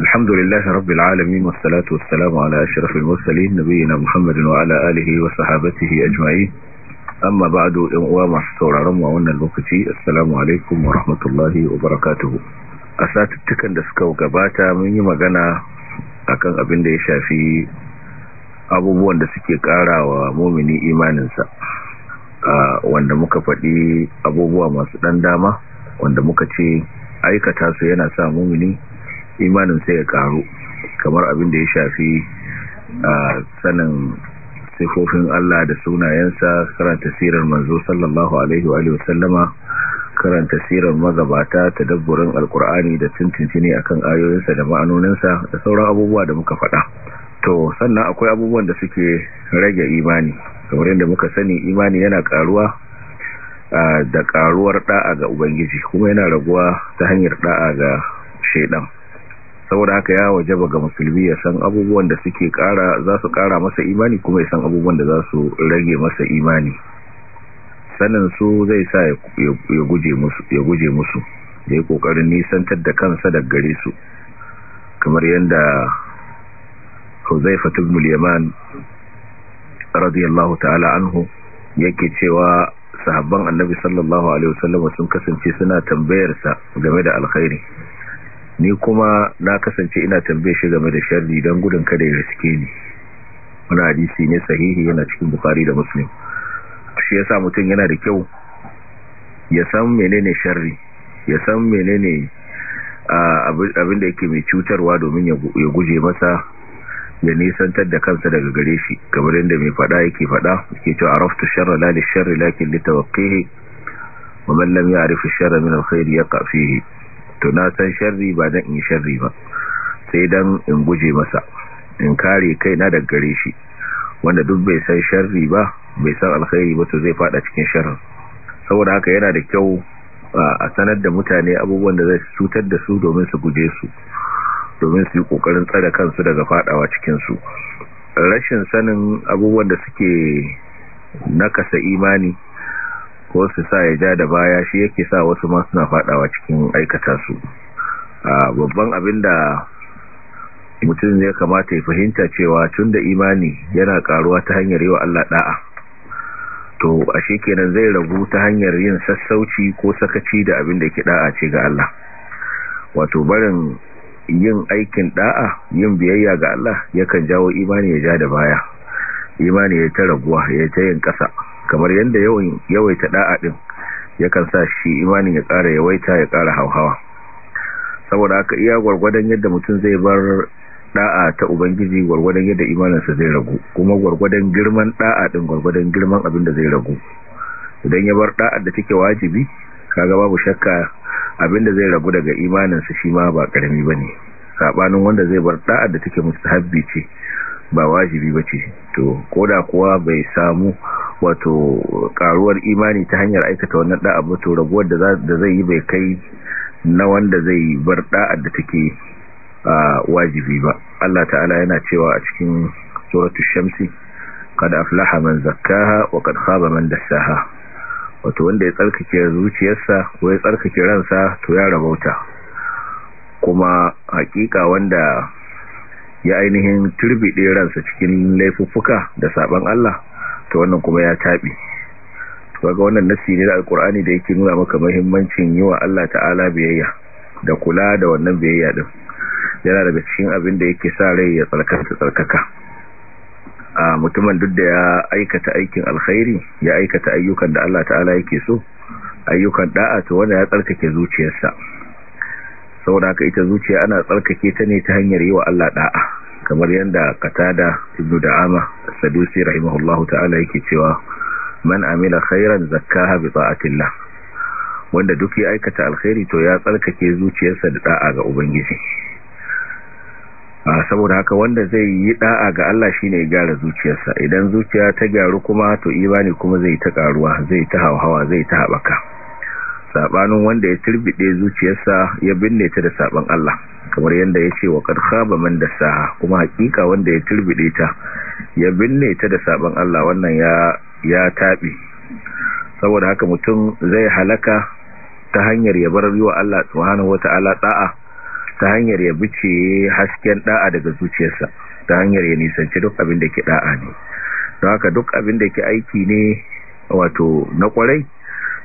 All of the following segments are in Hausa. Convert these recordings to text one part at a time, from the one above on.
الحمد لله رب العالمين والصلاة والسلام على أشرف المرسلين نبينا محمد وعلى آله وصحابته أجمعين أما بعد إنقوى محصورة رموى ون الوقتي السلام عليكم ورحمة الله وبركاته أسات التكن دسكو قباتا من يمغنى أكن أبن ديشا في أبو بوان دسكي كارا wa إيمان انسا وان muka faɗi abubuwa masu ɗan dama wanda muka ce aikata su yana sa imanin sai ya karu kamar abin da ya shafi a sanin sifofin Allah da sunayensa karanta sirar manzo sallallahu alaihi wa wasallama karanta sirar magabata ta dabburin alkur'ani da tuntuntuni akan ayoyinsa da ma'anoninsa da sauran abubuwa da muka faɗa to sannan akwai abubuwan da suke rage imani kamar yadda muka sani imani yana karuwa da karuwar da'a ga ubangiji kuma yana raguwa ta hanyar da'a ga shaidan saboda haka ya wajaba ga musulmi ya san abubuwan da suke kara za su kara masa imani kuma ya san abubuwan da za su rage masa imani sanin su zai sa ya guje musu da ya kokarin nisantar da kansa da gare su kamar yadda huzai ibn Yaman radiyallahu ta'ala anhu yake cewa sahabban Annabi sallallahu alaihi wasallam sun kasance suna tambayar sa game da alkhairi ni kuma na kasance ina tambaye shi game da sharri don gudun kada ya riske ni wani hadisi ne sahihi yana cikin bukari da muslim shi yasa mutum yana da kyau ya san menene sharri ya san menene abin da yake mai cutarwa domin ya guje masa ya nisantar da kansa daga gare shi kamar yadda mai fada yake fada yake cewa araftu sharra la sharri lakin li wa man lam ya'rif ash-sharra min al khayr yaqa to na san sharri ba dan in sharri ba sai dan in guje masa in kare kai na daga gare shi wanda duk bai san sharri ba bai san alkhairi ba to zai fada cikin sharrin saboda haka yana da kyau a sanar da mutane abubuwan da zai cutar da su domin su guje su domin su yi kokarin tsare kansu daga fadawa cikin su rashin sanin abubuwan da suke nakasa imani ko su sa ya ja da baya shi yake sa wasu ma suna fadawa cikin aikata su babban abin da mutum ya kamata ya fahimta cewa tun da imani yana karuwa ta hanyar yi wa Allah da'a to ashe kenan zai ragu ta hanyar yin sassauci ko sakaci da abin da ke da'a ce ga Allah wato barin yin aikin da'a yin biyayya ga Allah yakan jawo imani ya ja da baya imani ya ta raguwa ya ta yin kasa kamar yadda yawaita da'a din yakan sa shi imanin ya ƙara yawaita ya ƙara hauhawa saboda haka iya gwargwadon yadda mutum zai bar da'a ta ubangiji gwargwadon yadda imaninsa zai ragu kuma gwargwadon girman da'a din gwargwadon girman abin da zai ragu idan ya bar da'a da take wajibi kaga babu shakka abin da zai ragu daga imaninsa shi ma ba karami bane sabanin wanda zai bar da'a da take mustahabbi ce ba wajibi ba ce to koda kuwa bai samu wato karuwar imani ta hanyar aikata wannan da'a ba to raguwar da zai yi bai kai na wanda zai bar da'ar da take wajibi ba Allah ta'ala yana cewa a cikin suratul shamsi qad aflaha man zakkaha wa kad khaba man dassaha wato wanda ya tsarkake zuciyarsa ko ya tsarkake ransa to ya rabauta kuma hakika wanda ya ainihin turbi ransa cikin laifuffuka da saban Allah ta wannan kuma ya taɓi, kaga wannan nasi ne da alkur'ani da yake nuna maka mahimmancin yi wa Allah ta'ala biyayya da kula da wannan biyayya din yana daga cikin abin da yake sa rai ya tsarkaka tsarkaka a mutumin duk da ya aikata aikin alkhairi ya aikata ayyukan da Allah ta'ala yake so ayyukan da'a ta wanda ya tsarkake zuciyarsa saboda haka ita zuciya ana tsarkake ta ne ta hanyar yi wa Allah da'a kamar yadda katada ibnu da'ama sadusi rahimahullahu ta'ala yake cewa man amila khairan zakkaha bi ta'atillah wanda duk ya aikata alkhairi to ya tsarkake zuciyarsa da da'a ga ubangiji saboda haka wanda zai yi da'a ga Allah shine ya gyara zuciyarsa idan zuciya ta gyaru kuma to imani kuma zai ta karuwa zai ta hawa zai ta habaka sabanin wanda ya turbide zuciyarsa ya binne ta da sabon Allah kamar yadda ya ce wa ba man da saha kuma hakika wanda ya turbide ta ya binne ta da sabon Allah wannan ya ya tabi saboda haka mutum zai halaka ta hanyar ya bar riwa Allah subhanahu wataala da'a ta hanyar ya bice hasken da'a daga zuciyarsa ta hanyar ya nisanci duk abin da ke da'a ne don haka duk abin da ke aiki ne wato na kwarai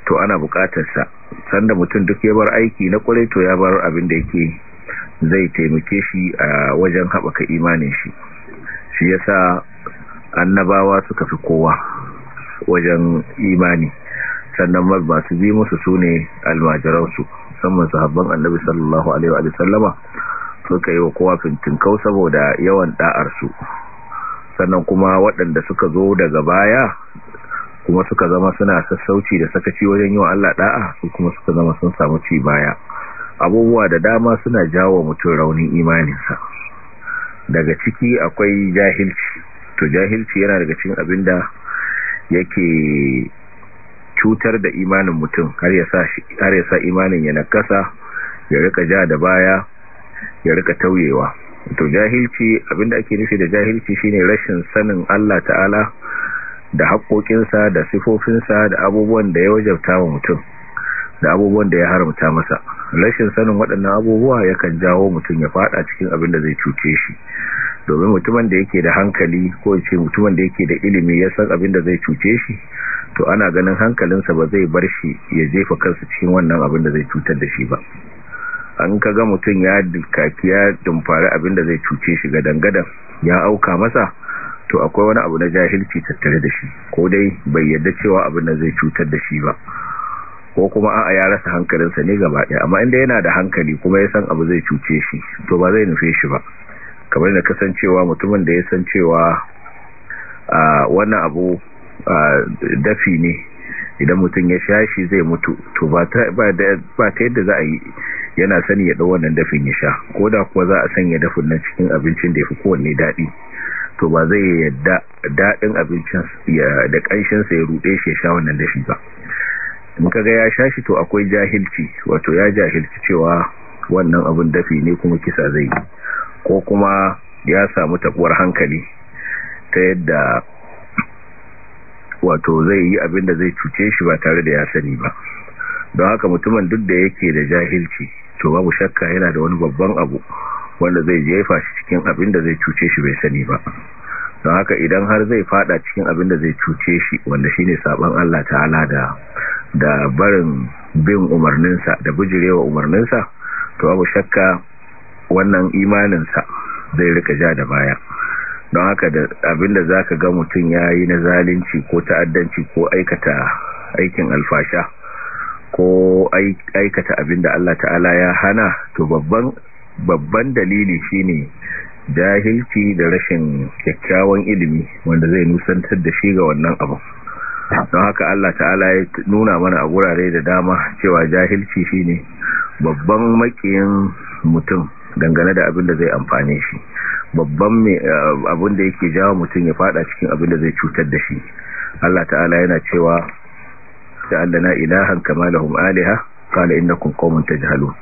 to ana bukatarsa sanda mutum duk ya bar aiki na kwarai to ya bar abin da yake zai taimake shi a wajen haɓaka imanin shi shi ya sa annabawa suka fi kowa wajen imani sannan masu bi musu su ne almajiransu musamman sahabban annabi sallallahu alaihi wa sallama suka yi wa kowa fintin fintinkau saboda yawan ɗa'arsu sannan kuma waɗanda suka zo daga baya kuma suka zama suna sassauci da sakaci wajen yi wa Allah da'a su kuma suka zama sun samu ci baya abubuwa da dama suna jawo mutum raunin imaninsa daga ciki akwai jahilci to jahilci yana daga cikin abin da yake cutar da imanin mutum har ya sa imanin ya nakasa ya rika ja da baya ya rika tauyewa to jahilci abinda ake nufi da jahilci shine rashin sanin Allah ta'ala da haƙoƙinsa da sifofinsa da abubuwan da ya wajabta wa mutum da abubuwan da ya haramta masa rashin sanin waɗannan abubuwa yakan jawo mutum ya faɗa cikin abin da zai cuce shi domin mutumin da yake da hankali ko ce mutumin da yake da ilimi ya san abin da zai cuce shi to ana ganin hankalinsa ba zai bar shi ya jefa kansa cikin wannan abin da zai cutar da shi ba an kaga mutum ya dukkaki ya dumfari abin da zai cuce shi ga gadan ya auka masa to akwai wani abu na jahilci tattare da shi ko dai bai yadda cewa abin da zai cutar da shi ba ko kuma a ya rasa hankalinsa ne gaba ɗaya amma inda yana da hankali kuma ya san abu zai cuce shi to ba zai nufe shi ba kamar da kasancewa mutumin da ya san cewa wannan abu dafi ne idan mutum ya sha shi zai mutu to ba ta yadda za a yi yana sani ya ɗau wannan dafin ya sha ko da kuwa za a sanya dafin nan cikin abincin da ya fi kowanne daɗi to ba zai yadda daɗin abincin da ƙanshinsa ya ruɗe shi ya sha wannan dashi ba in kaga ya sha shi to akwai jahilci wato ya jahilci cewa wannan abin dafi ne kuma kisa zai yi ko kuma ya samu takwar hankali ta yadda wato zai yi abin da zai cuce shi ba tare da ya sani ba don haka mutumin duk da yake da jahilci to babu shakka yana da wani babban abu wanda zai jefa shi cikin abin da zai cuce shi bai sani ba don haka idan har zai fada cikin abin da zai cuce shi wanda shi ne saban Allah ta'ala da da barin bin umarninsa da bujirewa umarninsa to abu shakka wannan imaninsa zai rika ja da baya don haka da abin da za ka ga mutum ya yi na zalunci ko ta'addanci ko aikata aikin alfasha ko aikata abin da Allah ta'ala ya hana to babban babban dalili shine jahilci da rashin kyakkyawan ilimi wanda zai nusantar da shi ga wannan abu don haka Allah ta'ala ya nuna mana a gurare da dama cewa jahilci shine babban makiyin mutum dangane da abin da zai amfane shi babban eh, abin da yake jawo mutum ya fada cikin abin da zai cutar da shi Allah ta'ala yana cewa ta'allana ilahan kama lahum aliha qala innakum qaumun tajhalun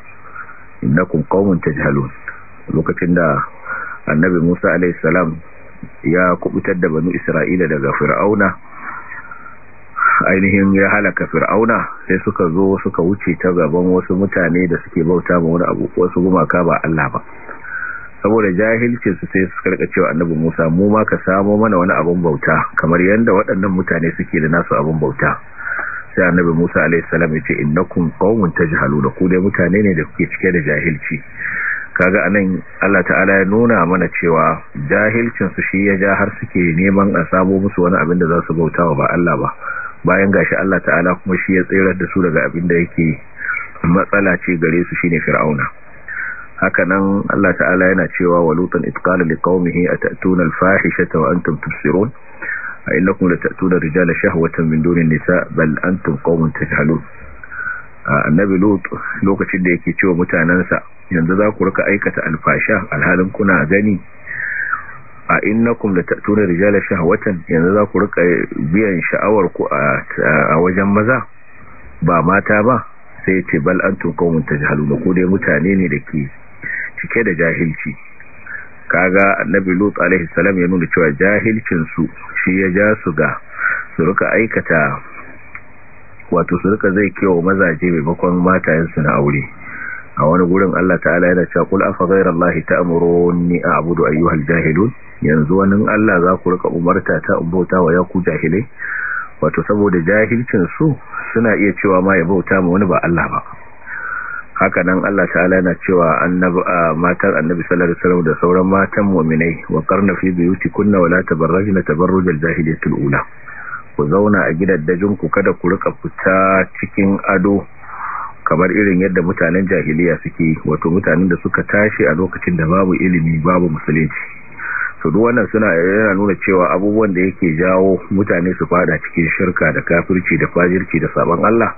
innakum qaumun tajhalun lokacin da annabi Musa alayhi salam ya kubutar da banu Isra'ila daga fir'auna ainihin ya halaka fir'auna sai suka zo suka wuce ta gaban wasu mutane da suke bauta ma wani abu wasu gumaka ba Allah ba saboda jahilcin su sai suka rika cewa annabi Musa mu ma ka samo mana wani abun bauta kamar yanda waɗannan mutane suke da nasu abun bauta sai annabi Musa alayhi salam kun innakum qaumun tajhaluna ku dai mutane ne da kuke cike da jahilci kaga anan Allah ta'ala ya nuna mana cewa jahilcin su shi ya ja har suke neman a sabo musu wani abin da za su bauta ba Allah ba bayan gashi Allah ta'ala kuma shi ya tsirar da su daga abin da yake matsala ce gare su shine fir'auna hakanan Allah ta'ala yana cewa walutan itqala liqaumihi atatuna alfahishata wa antum tubsirun a innakum latatuna rijala shahwatan min dunin nisa bal antum qaumun tajhalun annabi lut lokacin da yake cewa mutanansa yanzu za ku rika aikata alfasha alhalin kuna gani a innakum latatuna rijala shahwatan yanzu za ku rika biyan sha'awar ku a wajen maza ba mata ba sai ce bal antum qaumun tajhalun ko dai mutane ne dake cike da jahilci kaga annabi lut alaihi salam ya nuna cewa jahilcin su shi ya ja su ga su rika aikata wato su rika zai kewa mazaje maimakon matayen su na aure a wani gurin Allah ta'ala yana cewa kul afa ghayrallahi ta'muruni a'budu ayyuhal jahilun yanzu wani Allah za ku rika umarta ta umbauta wa ya ku jahilai wato saboda jahilcin su suna iya cewa ma ya bauta ma wani ba Allah ba haka nan Allah ta'ala na cewa annabi matar annabi sallallahu alaihi da sauran matan mu'minai wa qarna fi buyutikunna wa wala tabarrajna tabarruj al-jahiliyyah ula ku zauna a dajin ku kada ku rika fita cikin ado kamar irin yadda mutanen jahiliya suke wato mutanen da suka tashi a lokacin da babu ilimi babu musulunci su wannan suna yana nuna cewa abubuwan da yake jawo mutane su fada cikin shirka da kafirci da fajirci da sabon Allah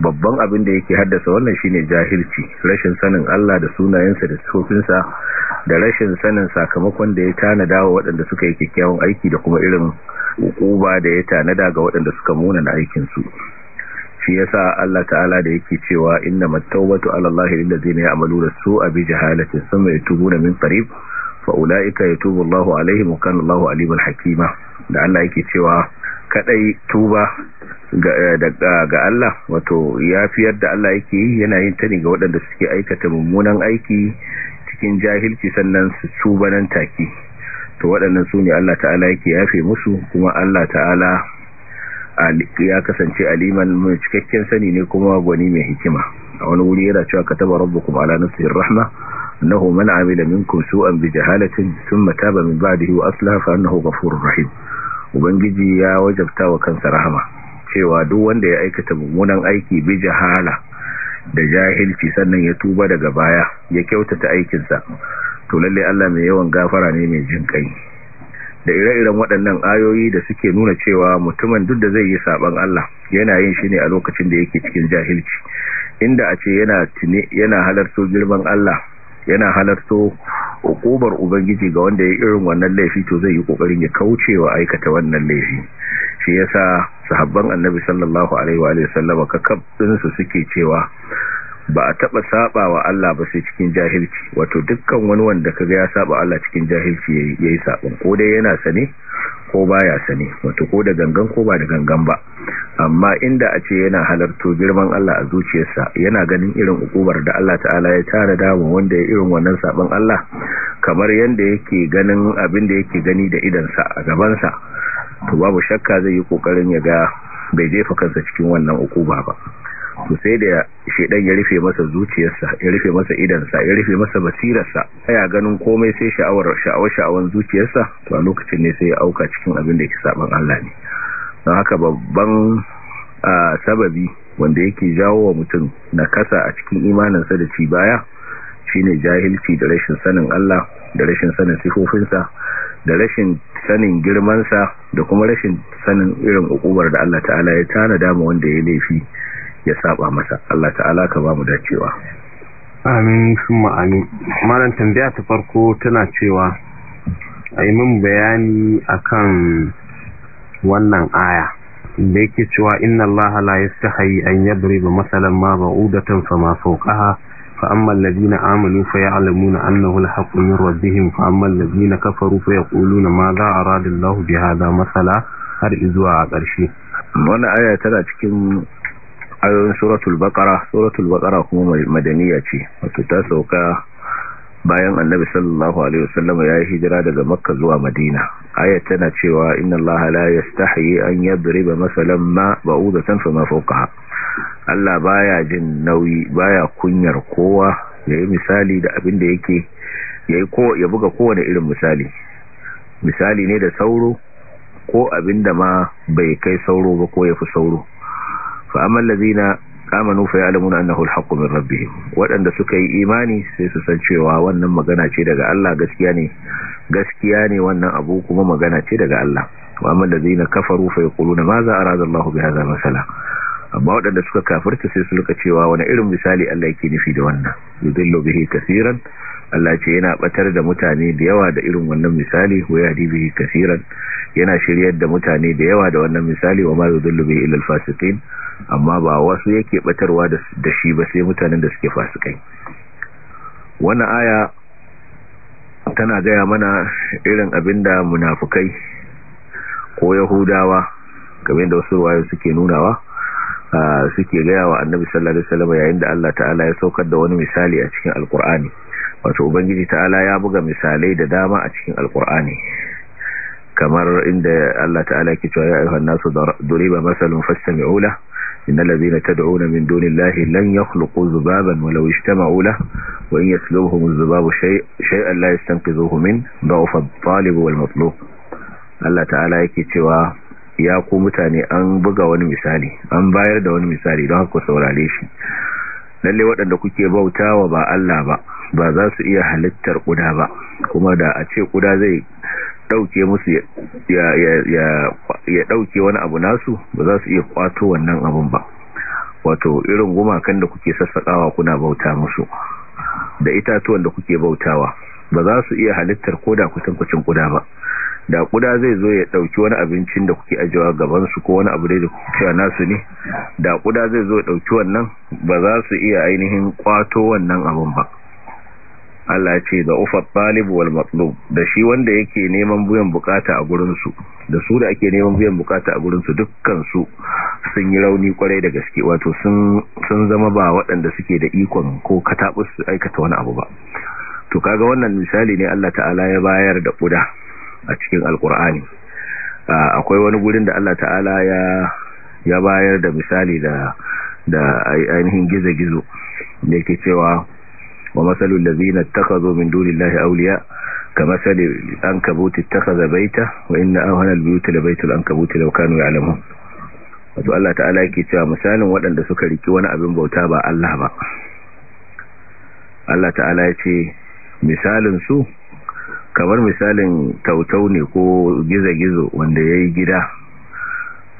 babban abin da yake haddasa wannan shine jahilci rashin sanin Allah da sunayensa da sufinsa da rashin sanin sakamakon da ya tanada wa waɗanda suka yi kyakkyawan aiki da kuma irin hukuma da ya tanada ga waɗanda suka muna na aikin su shi yasa Allah ta'ala da yake cewa inna mattawatu ala Allah lil ladina ya'maluna su'a bi jahalatin thumma yatubuna min qarib fa ulaika yatubu Allahu alaihi wa kana Allahu hakima da Allah yake cewa kadai tuba ga eh, Allah wato yafiyar da Allah yake yana yin ta ne ga waɗanda suke aikata mummunan aiki cikin jahilci sannan su tuba nan take to waɗannan su ne Allah ta'ala yake yafe musu kuma Allah ta'ala ya kasance aliman mai cikakken sani ne kuma gwani mai hikima a wani wuri yana cewa kataba rabbukum ala nafsir rahma annahu من عمل منكم سوءا bi ثم تاب من بعده ba'dihi wa غفور رحيم annahu ghafurur rahim ubangiji ya wajabta wa kansa rahama cewa duk wanda ya aikata mummunan aiki bi jahala da jahilci sannan ya tuba daga baya ya kyautata aikinsa to lalle Allah mai yawan gafara ne mai jin kai da ire-iren waɗannan ayoyi da suke nuna cewa mutumin duk da zai yi saban Allah yana yin shi ne a lokacin da yake cikin jahilci inda a ce yana tuni yana halarto girman Allah yana halarto hukumar ubangiji ga wanda ya irin wannan laifi to zai yi kokarin ya kauce wa aikata wannan laifi shi yasa sahabban annabi sallallahu alaihi wa sallama kakabdin su suke cewa ba a taba saba wa Allah ba sai cikin jahilci wato dukkan wani wanda kaga ya saba Allah cikin jahilci yayi sabon ko dai yana sane ko ba ya sani wato ko da gangan ko ba da gangan ba amma inda a ce yana halarto girman Allah a zuciyarsa yana ganin irin ukubar da Allah ta'ala ya tara dama wanda ya irin wannan sabon Allah kamar yanda yake ganin abin da yake gani da idansa a gabansa to babu shakka zai yi kokarin ya ga bai jefa kansa cikin wannan ukuba ba to sai da shedan ya rufe masa zuciyarsa ya rufe masa idansa ya rufe masa basirarsa aya ganin komai sai sha'awar sha'awar sha'awar zuciyarsa to a lokacin ne sai ya auka cikin abin da yake saban Allah ne don haka babban sababi wanda yake jawo wa mutum na kasa a cikin imaninsa da ci baya shine jahilci da rashin sanin Allah da rashin sanin sifofinsa da rashin sanin girmansa da kuma rashin sanin irin ukubar da Allah ta'ala ya tana dama wanda ya laifi ya saba masa Allah ta'ala ka ba mu dacewa amin sun amin maran tambaya ta farko tana cewa a yi min bayani kan wannan aya da yake cewa inna Allah la hayi an ba matsalan ma ba'udatan fama fawqaha fa amma alladhina amanu fa alamu annahu al-haqqu min fa amma alladhina kafaru fa na ma za radin allahu bi hadha matsala. har izuwa a ƙarshe Wani aya tana cikin ayoyin suratul baqara suratul baqara kuma madaniya ce wato ta sauka bayan annabi sallallahu alaihi wasallam ya yi hijira daga makka zuwa madina ayat tana cewa inna allaha la yastahi an yadriba masalan ma ba'udatan ma fawqaha Allah baya jin nauyi baya kunyar kowa yayi misali da abin da yake yayi ko ya buga kowane irin misali misali ne da sauro ko abin da ma bai kai sauro ba ko yafi sauro fa amma allazina amanu fa ya'lamuna annahu al min rabbi waɗanda suka yi imani sai su san cewa wannan magana ce daga Allah gaskiya ne gaskiya ne wannan abu kuma magana ce daga Allah wa amma kafaru fa na ma za arada Allahu bi hadha masala amma waɗanda suka kafirta sai su luka cewa wani irin misali Allah yake nufi da wannan yudillu bihi kasiran Allah ce yana batar da mutane da yawa da irin wannan misali wa yahdi bihi kasiran yana shiryar da mutane da yawa da wannan misali wa ma yudillu bihi illa amma ba wasu yake batarwa da shi ba sai mutanen da suke fasikai wannan aya tana gaya mana irin abin da munafukai ko yahudawa game da wasu ruwayo suke nunawa suke gaya wa annabi sallallahu alaihi wasallam yayin da Allah ta'ala ya saukar da wani misali a cikin alkur'ani wato ubangiji ta'ala ya buga misalai da dama a cikin alkur'ani kamar inda Allah ta'ala ke cewa ya ayyuhan nasu duriba masalun fastami'u lahu innal ladhina tad'una min dunillahi lan yakhluqu dhubaban walau ijtama'u lahu wa in yaslubuhum adh-dhubabu shay'an la yastanqidhuhu min da'f at-talib wal matlub Allah ta'ala yake cewa ya ku mutane an buga wani misali an bayar da wani misali don haka saurare shi lalle waɗanda kuke bautawa ba Allah ba ba za su iya halittar kuda ba kuma da a ce kuda zai ɗauke musu ya ya dauke wani abu nasu ba za su iya kwato wannan abun ba wato irin gumakan da kuke sassakawa kuna bauta musu da itatuwan da kuke bautawa ba za su iya halittar koda kusan kucin kuda ba da kuda zai zo ya ɗauki wani abincin da kuke ajiyewa gaban su ko wani abu da kuke cewa nasu ne da kuda zai zo ya ɗauki wannan ba za su iya ainihin kwato wannan abun ba Allah ce da ufa talibu wal matlub da shi wanda yake neman buyan bukata a gurin da su da ake neman buyan bukata a gurin su dukkan sun yi rauni kwarai da gaske wato sun zama ba waɗanda suke da ikon ko katabus su aikata wani abu ba to kaga wannan misali ne Allah ta'ala ya bayar da kuda a cikin alkur'ani akwai wani gurin da Allah ta'ala ya ya bayar da misali da da ainihin gizo-gizo da yake cewa wa masalul ladzina ittakhadhu min dunillahi awliya kama sali ankabut ittakhadha baita wa inna awhana albuyuti labaitul ankabut law kanu ya'lamun wato Allah ta'ala yake cewa misalin waɗanda suka riki wani abin bauta ba Allah ba Allah ta'ala ya ce misalin su kamar misalin tautau ne ko gizo-gizo wanda ya yi gida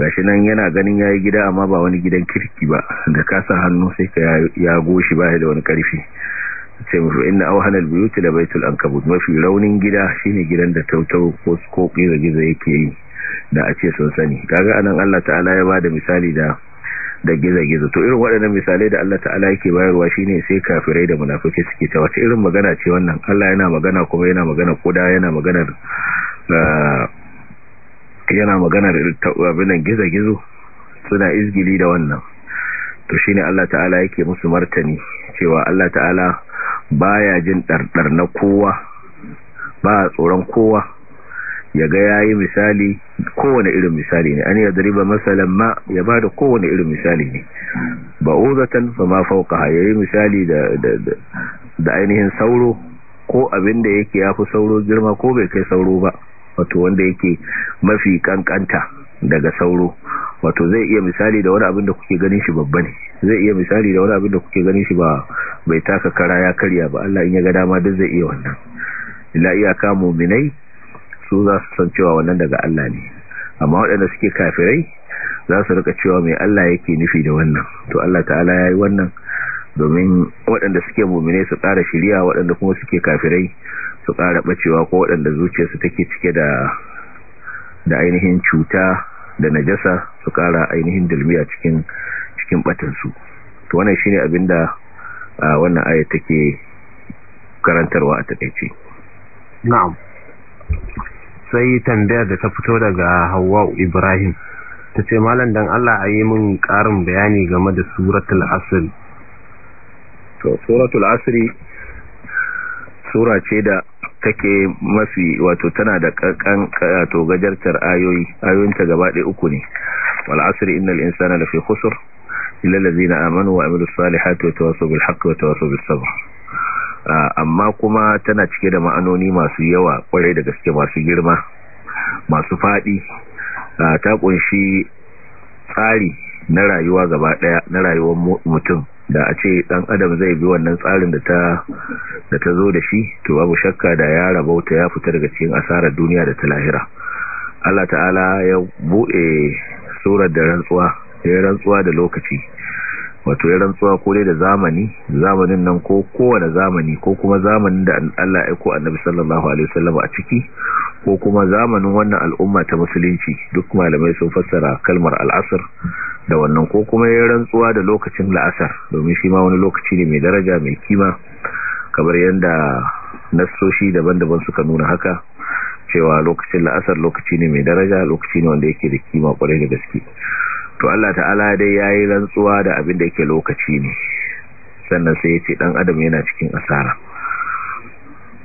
gashi nan yana ganin ya yi gida amma ba wani gidan kirki ba da kasa hannu sai ka ya goshi ba da wani karfi ce musu inna awhana albuyut da baitul ankabut mafi raunin gida shine gidan da tautau ko ko gizo gizo yake yi da a ce sun sani kaga anan Allah ta'ala ya bada misali da da gizo-gizo to irin waɗannan misalai da Allah ta'ala yake bayarwa shine sai kafirai da munafiki suke ta wata irin magana ce wannan Allah yana magana kuma yana magana koda yana maganar eh, yana maganar abinan gizo-gizo suna izgili da wannan to shine Allah ta'ala yake musu martani cewa Allah ta'ala baya jin ɗarɗar na kowa ba tsoron kowa ya ga ya yi misali kowane irin misali ne an yi riba masalan ma ya ba da kowane irin misali ne ba uzatan fa ma fauka ya yi misali da ainihin sauro ko abin da yake ya fi sauro girma ko bai kai sauro ba wato wanda yake mafi kankanta daga sauro wato zai iya misali da wani abin da kuke ganin shi babba ne zai iya misali da wani abin da kuke ganin shi ba bai taka kara ya karya ba Allah in ya ga dama duk zai iya wannan illa iyaka mu'minai su za su san cewa wannan daga Allah ne amma waɗanda suke kafirai za su rika cewa mai Allah yake nufi da wannan to Allah ta'ala yayi wannan domin waɗanda suke mu'minai su ƙara shiriya waɗanda kuma suke kafirai su ƙara bacewa ko waɗanda zuciyarsu take cike da da ainihin cuta da najasa su kara ainihin dalmiya cikin cikin batinsu to wannan shine abinda wannan aya take karantarwa a takeici na'am sai tambayar da ta fito daga Hawwa Ibrahim tace ce malam dan Allah a yi min karin bayani game da suratul asr to suratul asr sura ce da take mafi wato tana da kankan to gajartar ayoyi ayoyinta gaba ɗaya uku ne wal asr innal insana lafi khusr illa allazina amanu wa amilus salihati wa tawassaw bil haqqi wa tawassaw bis sabr amma kuma tana cike da ma'anoni masu yawa kwarai da gaske masu girma masu fadi ta kunshi tsari na rayuwa gaba ɗaya na rayuwar mutum da a ce dan adam zai bi wannan tsarin da ta da ta zo da shi to babu shakka da ya rabauta ya fita daga cikin asarar duniya da ta lahira Allah ta'ala ya bude surar da rantsuwa ya rantsuwa da lokaci wato ya rantsuwa ko da zamani zamanin nan ko kowane zamani ko kuma zamanin da Allah ya ko annabi sallallahu alaihi wasallam a ciki ko kuma zamanin wannan al'umma ta musulunci duk malamai sun fassara kalmar al'asr da wannan ko kuma ya rantsuwa da lokacin la'asar domin shi ma wani lokaci ne mai daraja mai kima kamar yadda nassoshi daban-daban suka nuna haka cewa lokacin la'asar lokaci ne mai daraja lokaci ne wanda yake da kima kwarai da gaske to Allah ta'ala dai yi rantsuwa da abin da yake lokaci ne sannan sai ya ce dan adam yana cikin asara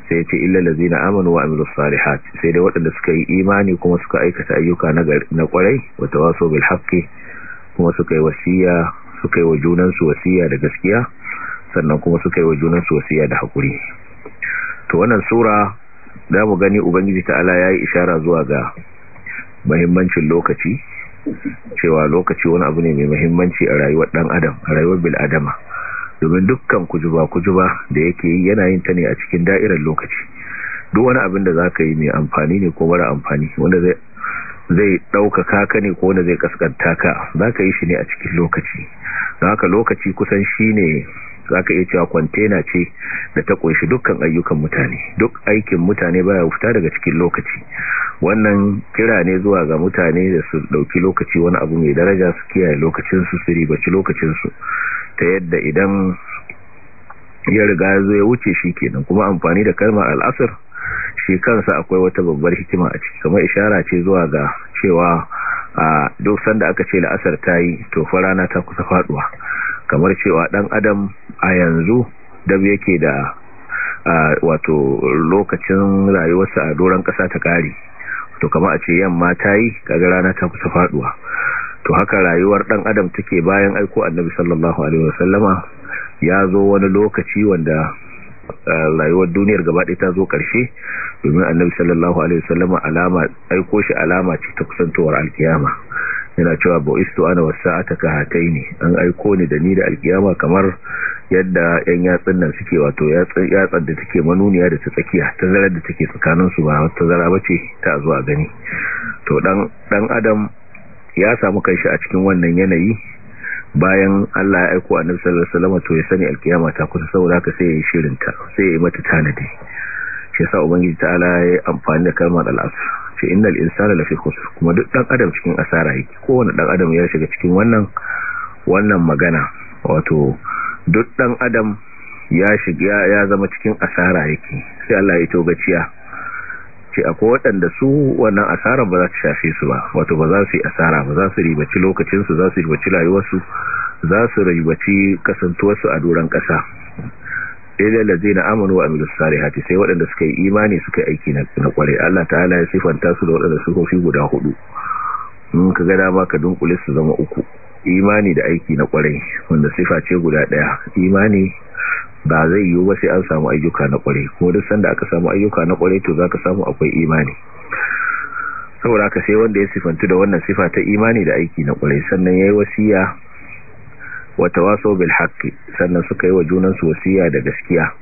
sai ya yace illal ladzina amanu wa amilus salihat sai dai waɗanda suka yi imani kuma suka aikata ayyuka na kwarai wata waso bil kuma suka yi wasiya suka yi wa junansu wasiya da gaskiya sannan kuma suka yi wa junansu wasiya da haƙuri to wannan sura za mu gani ubangiji ta'ala ya yi ishara zuwa ga mahimmancin lokaci cewa lokaci wani abu ne mai mahimmanci a rayuwar dan adam a rayuwar bil adama domin dukkan kujuba kujuba da yake yi yana yin ta ne a cikin da'irar lokaci duk wani abin da za ka yi mai amfani ne ko mara amfani wanda zai zai ɗaukaka ka ne ko da zai kaskanta ka za ka yi shi ne a cikin lokaci za haka lokaci kusan shi ne za ka iya cewa kwantena ce da ta kunshi dukkan ayyukan mutane duk aikin mutane baya fita daga cikin lokaci wannan kira ne zuwa ga mutane da su ɗauki lokaci wani abu mai daraja su kiyaye lokacinsu su ribaci lokacinsu ta yadda idan ya riga ya wuce shi kenan kuma amfani da kalmar al'asar shi kansa akwai wata babbar hikima a ciki kamar ishara ce zuwa ga cewa a duk sanda aka ce la'asar ta yi to fa ta kusa faduwa kamar cewa dan adam a yanzu dab yake da wato lokacin rayuwarsa a doron kasa ta kare to kamar a ce yamma ta yi kaga rana ta kusa faduwa to haka rayuwar dan adam take bayan aiko annabi sallallahu alaihi wasallama ya zo wani lokaci wanda rayuwar duniyar gaba ɗaya ta zo ƙarshe domin annabi sallallahu alaihi wasallama alama aiko shi alama ce ta kusantowar alkiyama yana cewa isto ana ta ka ne an aiko ni da ni da alkiyama kamar yadda yan yatsun nan suke wato yatsar da take manuniya da ta tsakiya ta zarar da take tsakanin su ba ta tazara ce ta zuwa gani to dan adam ya samu kanshi a cikin wannan yanayi bayan Allah ya aiko annabi sallallahu alaihi wasallam to ya sani alkiyama ta kusa saboda haka sai ya yi shirin ta sai ya yi mata tanadi shi yasa ubangiji ta'ala ya amfani da kalmar al'asr fi innal insana lafi khusr kuma duk dan adam cikin asara yake kowanne dan adam ya shiga cikin wannan wannan magana wato duk dan adam ya shiga ya zama cikin asara yake sai Allah ya to gaciya ce akwai waɗanda su wannan asara ba za ta shafe su ba wato ba za su yi asara ba za su ribaci lokacinsu za su ribaci su za su ribaci kasantuwarsu a doron ƙasa zai na amanu wa amilus salihati sai waɗanda suka yi imani suka yi aiki na kware Allah ta'ala ya sifanta su da waɗanda su kofi guda hudu in ka ga dama ka dunkule su zama uku imani da aiki na kware wanda sifa ce guda ɗaya imani ba zai yiwu ba sai an samu ayyuka na kware kuma duk sanda aka samu ayyuka na kware to zaka samu akwai imani saboda ka sai wanda ya sifantu da wannan sifa ta imani da aiki na kware sannan yayi wasiya wa tawasaw bil haqqi sannan suka yi wa junan su wasiya da gaskiya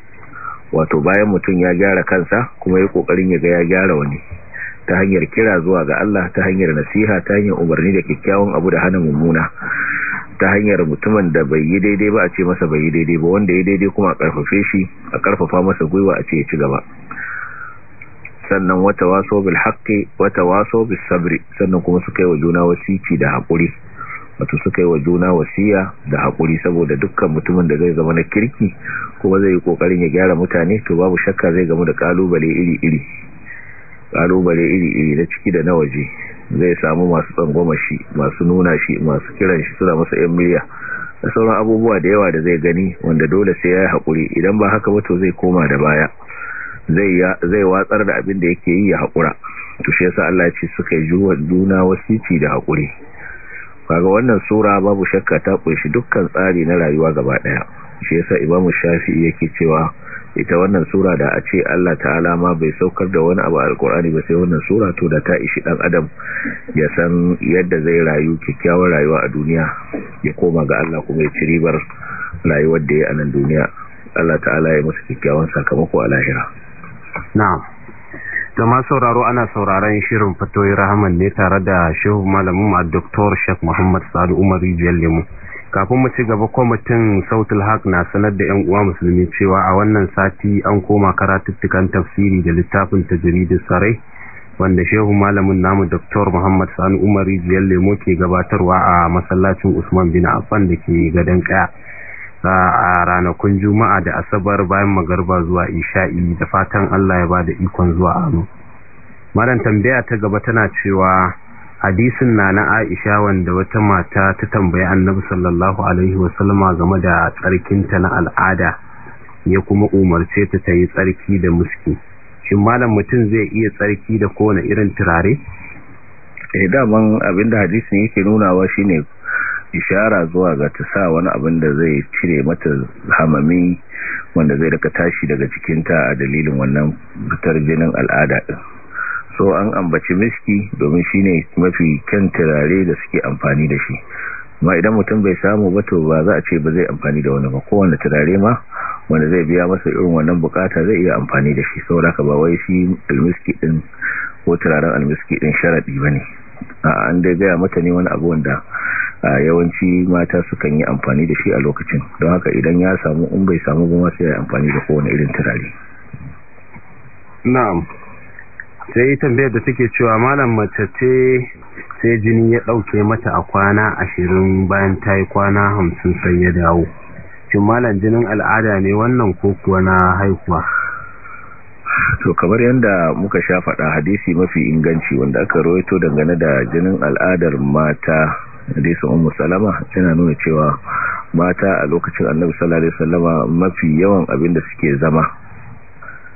wato bayan mutum ya gyara kansa kuma yayi kokarin ya ga ya gyara wani ta hanyar kira zuwa ga Allah ta hanyar nasiha ta hanyar umarni da kyakkyawan abu da hana mummuna ta hanyar mutumin da bai yi daidai ba a ce masa bai yi daidai ba wanda ya daidai kuma a karfafe shi a karfafa masa gwiwa a ce ya ci gaba sannan wata waso bil haqqi wata waso bis sabri sannan kuma suka yi wa juna wasiki da hakuri wato suka yi wa juna wasiya da hakuri saboda dukkan mutumin da zai zama na kirki kuma zai yi kokarin ya gyara mutane to babu shakka zai gamu da kalubale iri-iri kalubale iri-iri na ciki da na waje zai samu masu tsangwama shi masu nuna shi masu kiran shi suna masa yan miliya da sauran abubuwa da yawa da zai gani wanda dole sai ya yi haƙuri idan ba haka wato zai koma da baya zai watsar da abin da yake yi ya haƙura to shi yasa Allah ce suka yi juna wasici da haƙuri kaga wannan sura babu shakka ta ƙunshi dukkan tsari na rayuwa gaba daya shi yasa imamu shafi yake cewa ita wannan sura da a ce Allah ta'ala ma bai saukar da wani abu alkur'ani ba sai wannan sura to da ta ishi dan adam ya san yadda zai rayu kyakkyawar rayuwa a duniya ya koma ga Allah kuma ya ci ribar rayuwar da ya a nan duniya Allah ta'ala ya masa kikkiawan sakamako a lahira na'am zama sauraro ana sauraron shirin fatoyi rahman ne tare da shehu malamin ma Dr. Sheikh Muhammad Sadu Umar Rijiyar Lemu kafin mu ci gaba kwamitin sautul haq na sanar da 'yan uwa musulmi cewa a wannan sati an koma karatuttukan tafsiri da littafin tajridus sarai wanda shehu malamin namu dr muhammad sani umar rijiyar lemo ke gabatarwa a masallacin usman bin affan da ke gadon kaya a ranakun juma'a da asabar bayan magarba zuwa isha'i da fatan allah ya ba da ikon zuwa amu maran tambaya ta gaba tana cewa hadisin na na Aisha wanda wata mata ta tambayi Annabi sallallahu alaihi wasallama game da tsarkinta na al'ada ya kuma umarce ta ta yi tsarki da muski shin malam mutum zai iya tsarki da kowane irin turare eh daman abinda hadisin yake nunawa shine ishara zuwa ga ta sa wani abin da zai cire mata hamami wanda zai daga tashi daga cikinta a dalilin wannan fitar jinin al'ada din so an ambaci miski domin shi ne mafi kyan turare da suke amfani da shi amma idan mutum bai samu ba to ba za a ce ba zai amfani da wani ba kowane turare ma wanda zai biya masa irin wannan bukata zai iya amfani da shi saboda ka ba wai shi almiski din ko turaren almiski din ba ne a an dai gaya mata ne wani abu wanda yawanci mata su kan yi amfani da shi a lokacin don haka idan ya samu in bai samu ba ma yi ya amfani da kowane irin turare na'am sai tambayar da take cewa malam mace ce sai jini ya ɗauke mata a kwana ashirin bayan ta yi kwana hamsin sai ya dawo shin malam jinin al'ada ne wannan ko kuwa na haihuwa to kamar yadda muka sha faɗa hadisi mafi inganci wanda aka rawaito dangane da jinin al'adar mata hadisin umar salama yana nuna cewa mata a lokacin annabi sallallahu alaihi wasallama mafi yawan abin da suke zama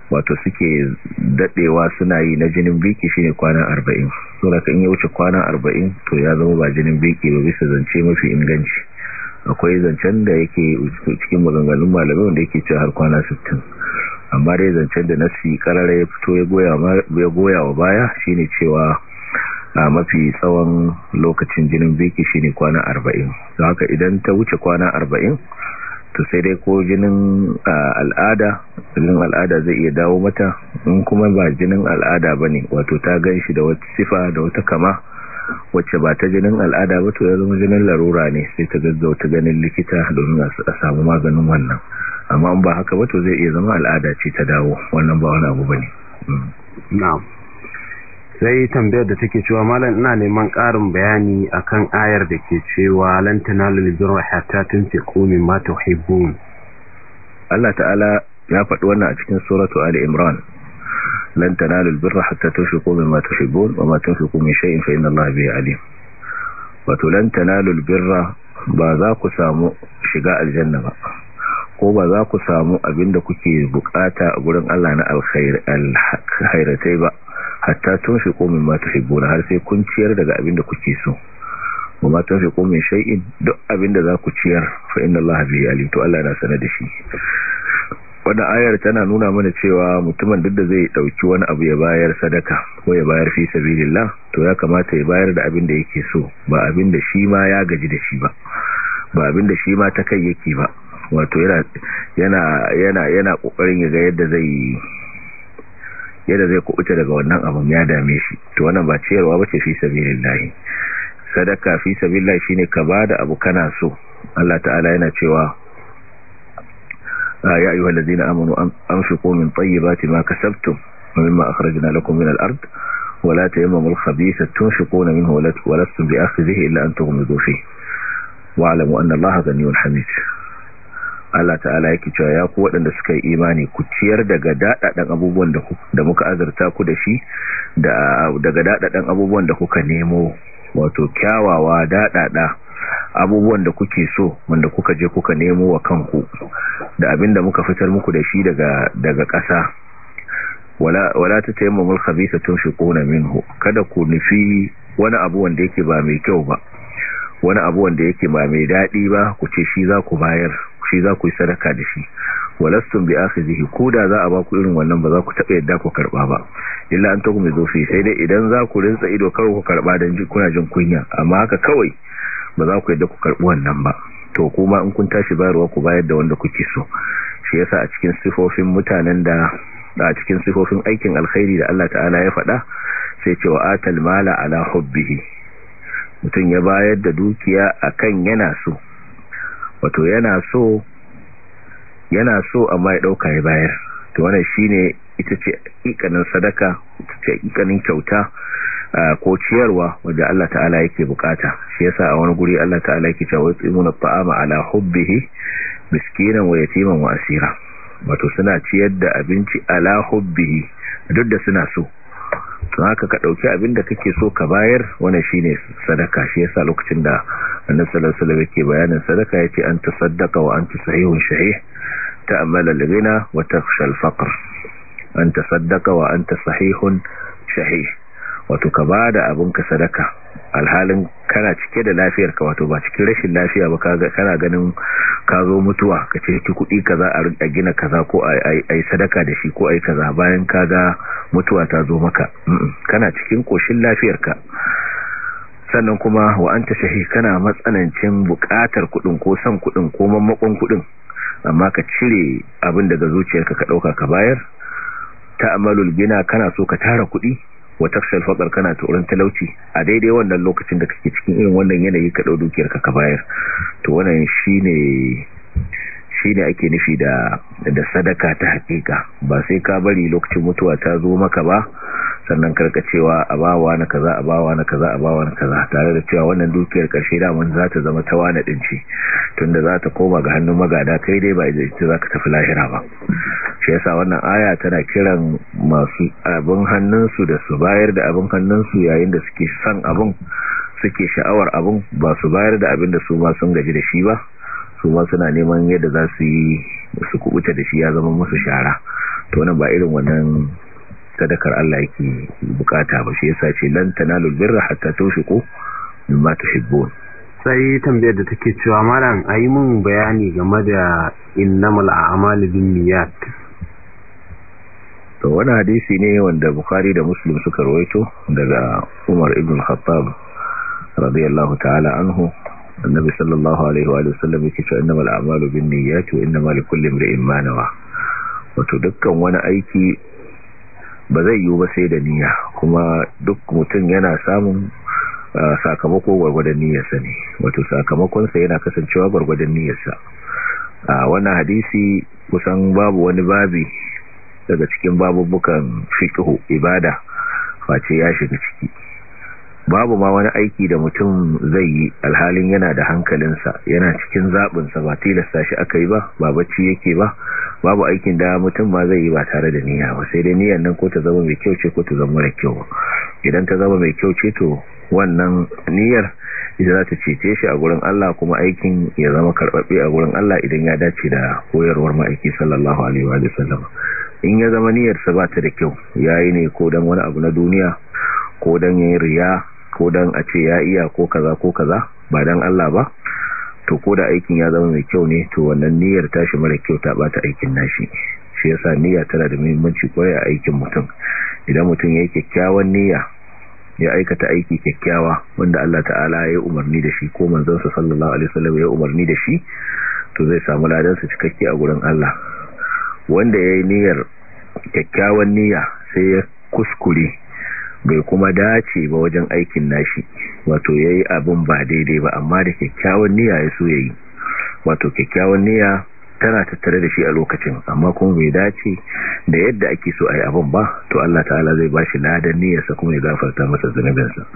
wato suke daɗewa suna yi na jinin biki shine kwana arba'in suna in ya wuce kwana arba'in to ya zama ba jinin biki ba bisa zance mafi inganci akwai zancen da yake cikin maganganun malamai wanda yake cewa har kwana 60 amma dai zancen da nasi karara ya fito ya goya wa baya shine cewa a mafi tsawon lokacin jinin biki shine kwana arba'in don haka idan ta wuce kwana arba'in. to sai dai ko jinin al'ada jinin al'ada zai iya dawo mata in kuma ba jinin al'ada ba ne wato ta gan shi da wata sifa da wata kama wacce ba ta jinin al'ada ba to ya zama jinin larura ne sai ta gaggauta ganin likita domin a samu maganin wannan amma ba haka ba to zai iya zama al'ada ce ta dawo wannan ba wani abu ba ne hmm. sai tambayar da take cewa malam ina neman ƙarin bayani akan ayar da ke cewa lan tanalul birra hatta tunfiqu mimma tuhibbun Allah ta'ala ya faɗi wannan a cikin suratu ali imran lan tanalul birra hatta tunfiqu mimma tuhibbun wa ma tunfiqu min shay'in fa inna Allaha bihi alim wato lan tanalul birra ba za ku samu shiga aljanna ba ko ba za ku samu abinda kuke bukata a gurin Allah na alkhairatai ba hatta tun komin mimma tuhibbuna har sai kun ciyar daga abin da kuke so kuma fi komin shay'in duk abin da za ku ciyar fa inna Allaha bihi alim to Allah na sana da shi wannan ayar tana nuna mana cewa mutumin duk da zai dauki wani abu ya bayar sadaka ko ya bayar fi sabilillah to ya kamata ya bayar da abin da yake so ba abin da shi ma ya gaji da shi ba ba abin da shi ma ta kai yake ba wato yana yana kokarin ya ga yadda zai yadda zai kubuta daga wannan abin ya dame shi to wannan ba ciyarwa ba ce fi sabilillahi sadaka fi sabilillahi shine ka bada abu kana so Allah ta'ala yana cewa ah, ya ayyuhal ladina amanu anfiqu min tayyibati ma kasabtum mimma akhrajna lakum min al-ard wa la tayammamu al-khabitha tunfiquna minhu wa lastum bi'akhidhihi illa an tughmidu fihi wa'lamu anna Allaha ghaniyyun hamid Allah ta'ala yake cewa ya ku waɗanda suka yi imani ku ciyar daga daɗaɗɗen abubuwan da muka azurta ku da shi daga daɗaɗɗen abubuwan da kuka nemo wato kyawawa daɗaɗa abubuwan da kuke so wanda kuka je kuka nemo wa kanku da abin da muka fitar muku da shi daga ƙasa wala, wala ta taimamul khabisa tun shi ƙona minhu kada ku nufi wani abu wanda yake ba mai kyau ba wani abu wanda yake ba mai daɗi ba ku ce shi za ku bayar shi za ku yi sadaka da shi walastun bi akhizihi ko da za a ba ku irin wannan ba za ku taɓa yadda ku karɓa ba illa an taku mai zofi sai dai idan za ku rinsa ido kawai ku karɓa don ji kuna jin kunya amma haka kawai ba za ku yadda ku karɓi wannan ba to kuma in kun tashi bayarwa ku bayar da wanda kuke so shi yasa a cikin sifofin mutanen da a cikin sifofin aikin alkhairi da Allah ta'ala ya faɗa sai ce wa atal mala ala hubbihi mutum ya bayar da dukiya akan yana so wato yana so yana so amma ya dauka ya bayar to wannan shine ita ce ikanin sadaka ita ce ikanin kyauta ko ciyarwa wanda Allah ta'ala yake bukata shi yasa a wani guri Allah ta'ala yake cewa yusimuna ta'ama ala hubbihi miskinan wa yatiman wa asira wato suna ciyar da abinci ala hubbihi duk da suna so to haka ka dauki abin da kake so ka bayar wannan shine sadaka shi yasa lokacin da annabi sallallahu alaihi wasallam yake bayanin sadaka yace an tasaddaqa wa anta sahihun shahih ta'mal al-ghina wa takhsha al-faqr an tasaddaqa wa anta sahihun shahih wato ka bada abin ka sadaka alhalin kana cike da lafiyar ka wato ba cikin rashin lafiya ba kana ganin ka zo mutuwa ka ce ki kuɗi kaza a gina kaza ko a yi sadaka da shi ko ai kaza bayan ka mutuwa ta zo maka kana cikin koshin lafiyar ka sannan kuma wa an shahi kana matsanancin buƙatar kuɗin ko son kuɗin ko mamakon kuɗin amma ka cire abin daga zuciyarka ka ɗauka ka bayar ta amalul gina kana so ka tara kuɗi wa takshal fadar kana tsoron talauci a daidai wannan lokacin da kake cikin irin wannan yanayi ka ɗau dukiyar ka ka bayar to wannan shine shi ne ake nufi da sadaka ta haƙiƙa ba sai ka bari lokacin mutuwa ta zo maka ba sannan karka cewa a bawa na kaza a bawa na kaza a bawa na kaza tare da cewa wannan dukiyar karshe daman za ta zama ta wani dinci tunda za ta koma ga hannun magada kai dai ba ita za ka tafi lahira ba shi yasa wannan aya tana kiran masu abin hannunsu da su bayar da abin hannunsu yayin da suke son abin suke sha'awar abin ba su bayar da abin da su ma sun gaji da shi ba su ma suna neman yadda za su yi su kubuta da shi ya zama musu shara to wannan ba irin wannan sadakar Allah yake bukata ba shi yasa ce lan tanalul birra hatta tushqu mimma tuhibbun sai tambayar da take cewa malam ayi mun bayani game da innamal a'malu binniyat to wani hadisi ne wanda bukhari da muslim suka rawaito daga umar ibn khattab radiyallahu ta'ala anhu annabi sallallahu alaihi wa sallam yake cewa innamal a'malu binniyati wa innamal kulli imrin ma nawa wato dukkan wani aiki ba zai yiwu ba sai da niyya kuma duk mutum yana samun sakamako gwargwadon niyyarsa ne wato sakamakonsa yana kasancewa gwargwadon niyyarsa a wannan hadisi kusan babu wani babi daga cikin babubukan fiqh ibada face ya shiga ciki babu ma wani aiki da mutum zai yi alhalin yana da hankalinsa yana cikin zaɓinsa ba tilasta shi aka yi ba ba bacci yake ba babu aikin da mutum ma zai yi ba tare da niyya ba sai dai niyyar nan ko ta zama mai kyau ce ko ta zama mara kyau idan ta zama mai kyau ce to wannan niyyar ita za ta cece shi a gurin Allah kuma aikin ya zama karɓaɓɓe a gurin Allah idan ya dace da koyarwar ma'aiki sallallahu alaihi wa sallam in ya zama niyyarsa ba ta da kyau yayi ne ko dan wani abu na duniya ko dan yayin riya ko dan a ce ya iya ko kaza ko kaza ba dan Allah ba to ko da aikin ya zama mai kyau ne to wannan niyyar tashi mara kyau ta bata aikin nashi shi yasa niyya tana da muhimmanci kwarai a aikin mutum idan mutum ya yi kyakkyawan niyya ya aikata aiki kyakkyawa wanda Allah ta'ala ya yi umarni da shi ko manzansa sallallahu alaihi wasallam ya umarni da shi to zai samu ladan sa cikakke a gurin Allah wanda yayi niyyar kyakkyawan niyya sai ya kuskure bai kuma dace ba wajen aikin nashi wato yayi abin ba daidai ba amma da kyakkyawan niyya ya so yayi wato kyakkyawan niyya tana tattare da shi a lokacin amma kuma bai dace da yadda ake so ai abin ba to Allah ta'ala zai bashi ladan sa kuma ya gafarta masa zunubinsa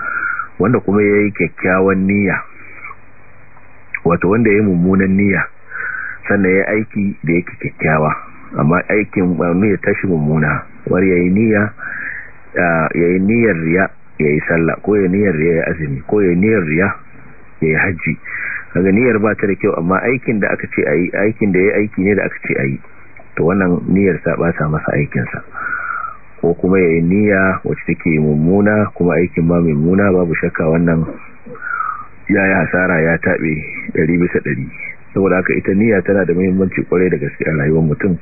wanda kuma yayi kyakkyawan niyya wato wanda yayi mummunan niyya sannan yayi aiki da yake kyakkyawa amma aikin ba ne tashi mummuna war yayi niyya yayi niyyar riya ya yi sallah ko yi niyyar riya ya azumi ko yi niyyar riya ya yi hajji kaga niyyar ba ta da kyau amma aikin da aka ce ayi aikin da yayi aiki ne da aka ce ayi to wannan niyyar sa ba ta masa aikin sa ko kuma ya yi niyya wacce take mummuna kuma aikin ma mummuna babu shakka wannan yayi hasara ya tabe ɗari bisa ɗari. saboda haka ita niyya tana da muhimmanci kwarai da gaske a rayuwar mutum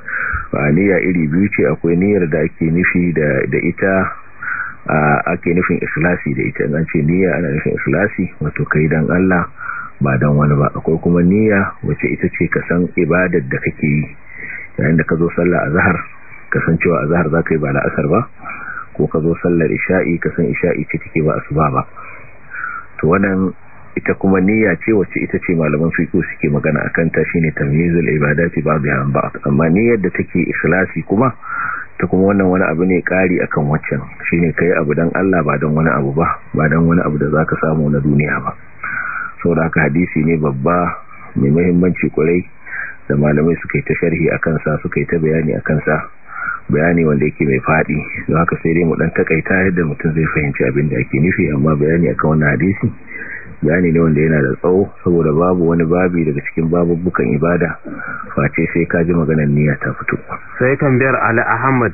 ba niyya iri biyu ce akwai niyyar da ake nufi da ita a ake nufin islasi da ita an ce niyya ana nufin islasi wato kai dan Allah ba dan wani ba akwai kuma niyya wace ita ce ka san ibadar da kake yi yayin da ka zo sallah azhar kasancewa azhar zaka yi ba la'asar ba ko ka zo sallar isha'i ka san isha'i ce take ba asuba ba to wannan ita kuma niyya ce wacce ita ce malaman fiko suke magana a akan ta shine tamyizul ibadati ba an ba amma niyyar da take ikhlasi kuma ta kuma wannan wani abu ne kari akan waccan shi shine kai abu dan Allah ba dan wani abu ba ba dan wani abu da za ka samu na duniya ba da haka hadisi ne babba mai mahimmanci kwarai da malamai suka yi ta sharhi a kansa suka yi ta bayani a kansa bayani wanda yake mai fadi don haka sai dai mu dan takaita yadda mutum zai fahimci abin da ake nufi amma bayani akan wannan hadisi bayani ne wanda yana da tsawo saboda babu wani babi daga cikin babubbukan ibada face sai ka ji maganar niyya ta fito sai tambayar ali ahmad